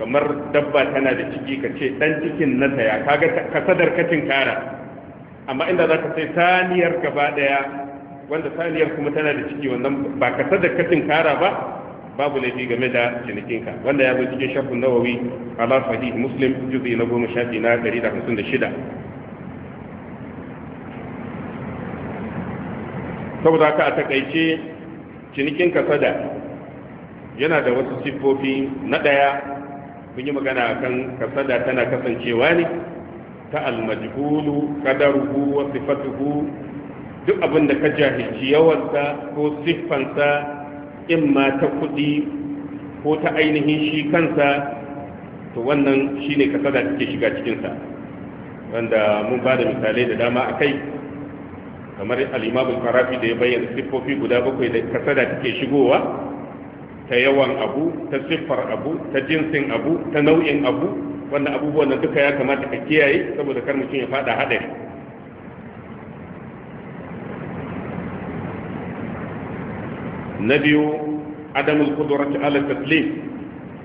S1: kamar dabba tana da ciki ka ce dan cikin na saya kaga kasadar ka tinkara amma inda za ka sai saniyar gaba daya wanda saniyar kuma tana da ciki wannan ba ka sadar katin kara ba babu laifi game da cinikinka wanda ya zo cikin shafin nawawi ala sahih muslim juzi na goma shafi na 156 saboda ka a takaice cinikin kasada yana da wasu siffofi na ɗaya mun yi magana akan kasada tana kasancewa ne ta almajhulu qadaruhu wa sifatuhu duk abin da ka jahilci yawansa ko siffansa imma ta kuɗi ko ta ainihin shi kansa to wannan shine kasada take shiga cikinsa wanda mun ba da misalai da dama a kai kamar al'imamul farafi da ya bayyana siffofi guda bakwai da kasada take shigowa ta yawan abu ta siffar abu ta jinsin abu ta nau'in abu wannan abubuwan da duka ya kamata ka kiyaye saboda kar mutum ya fada haɗari na biyu adamul kudurati ala taslim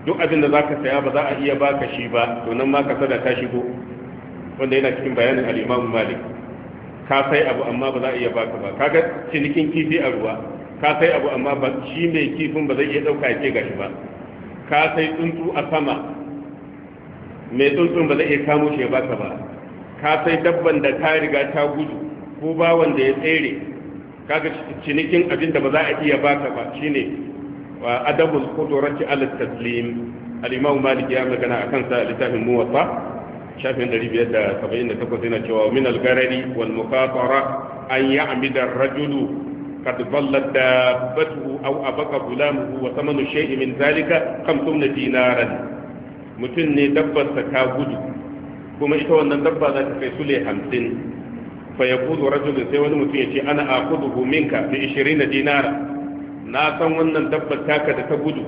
S1: duk abin da zaka saya ba za a iya baka shi ba to nan ma ka sada ta shigo wanda yana cikin bayanin al-Imam malik ka sai abu amma ba za a iya baka ba kaga cinikin kifi a ruwa ka sai abu amma ba shi mai kifin ba zai iya dauka ya ce gashi ba ka sai tsuntsu a sama mai tsuntsun ba zai iya kamo shi ya baka ba ka sai dabban da ta riga ta gudu ko bawan da ya tsere kaga cinikin abin da ba za a iya baka ba shine adabul qudrati ala taslim al-imam malik ya magana akan sa littafin muwatta shafin 578 yana cewa min al-garari wal muqatara an ya'mida ar-rajulu قد ضلت دابته او ابقى غلامه وثمن الشيء من ذلك خمسون دينارا mutum ne dabbarsa ta gudu kuma ita wannan dabba za ta kai sule hamsin fa ya kudu rajulun sai wani mutum ya ce ana a kudu minka da ishirin na dinara na san wannan dabbar taka da ta gudu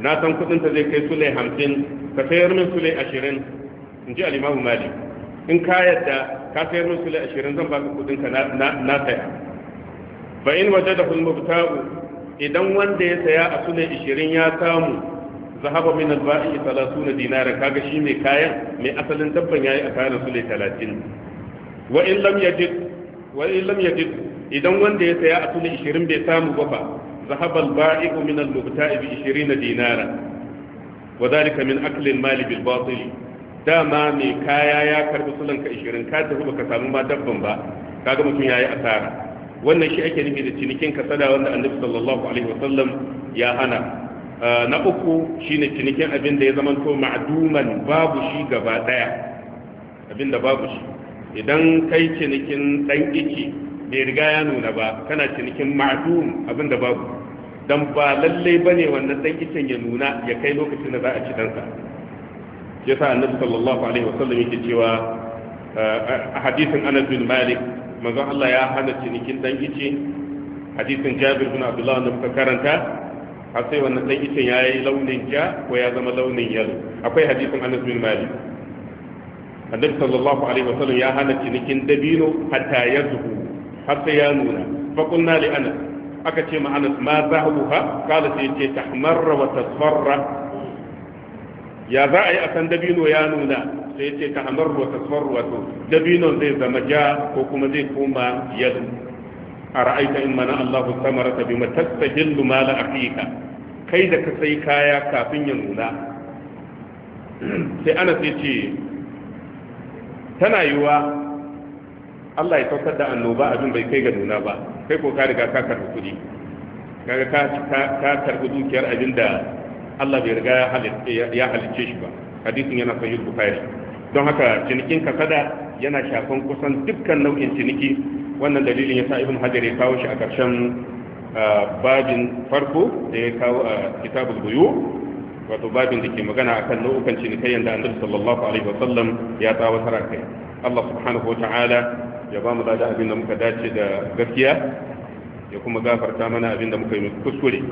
S1: na san kudin ta zai kai sule hamsin ka sayar min sule ashirin in ji alimamu malik in ka yadda ka sayar min sule ashirin zan baka ka na saya fa in waje da hulmubtaru idan wanda ya saya a sule ashirin ya samu zahaba min al-ba'i 30 dinara kaga shi mai kayan mai asalin dabban yayi asarar su ne 30 wa in lam yajid wa in lam yajid idan wanda ya saya a tuli 20 bai samu ba fa zahaba al min al bi 20 dinara وذلك من أكل المال dama mai kaya ya karbi sulanka 20 ka tafi baka samu ma dabban ba kaga mutum yayi asara wannan shi ake nufi da cinikin kasada wanda annabi sallallahu alaihi wasallam ya hana Eh, na uku shine cinikin abin da ya zamanto ma'duman babu shi gaba daya abin da babu shi idan kai cinikin dan ice bai riga ya nuna ba kana cinikin ma'dum abin da babu dan ba lalle bane wannan dan icen ya nuna ya kai lokacin da za a ci dan sa yasa annabi sallallahu alaihi wasallam yake cewa eh, a hadisin Anas bin Malik manzo Allah ya hana cinikin dan ice hadisin Jabir bin Abdullah da muka karanta har sai wannan dan icen ya yi launin ja ko ya zama launin yalo akwai hadisin anas bin malik annabi sallallahu alaihi wasallam ya hana cinikin dabino hatta ya zuhu har sai ya nuna fa qulna li anas aka ce ma anas ma zahuha kala sai ce tahmarra wa tasfarra ya za a yi a san dabino ya nuna sai ce tahmarra wa tasfarra wato dabinon zai zama ja ko kuma zai koma yalo ara'aita in mana Allahu samarata bima tastajillu mala akika kai da ka sai kaya kafin ya nuna sai ana sai ce tana yiwa Allah ya saukar da annoba abin bai kai ga nuna ba kai ko ka riga ka karbi kuɗi kaga ka ka karbi dukiyar abin da Allah bai riga ya halicce shi ba hadisin yana sahih bukhari don haka cinikin kasada yana shafan kusan dukkan nau'in ciniki wannan dalilin sa ibn hajar ya kawo shi a ƙarshen babin farko da ya kawo a kitabul buyu wato babin da ke magana akan nau'ukan cinikayyar da annabi sallallahu alaihi wa sallam ya tsawatar a kai Allah subhanahu ta'ala ya ba mu da abin da muka dace da gaskiya ya kuma gafarta mana abin da muka yi kuskure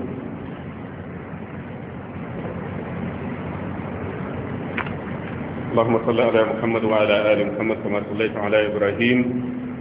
S1: اللهم صل على محمد وعلى ال محمد كما صليت على ابراهيم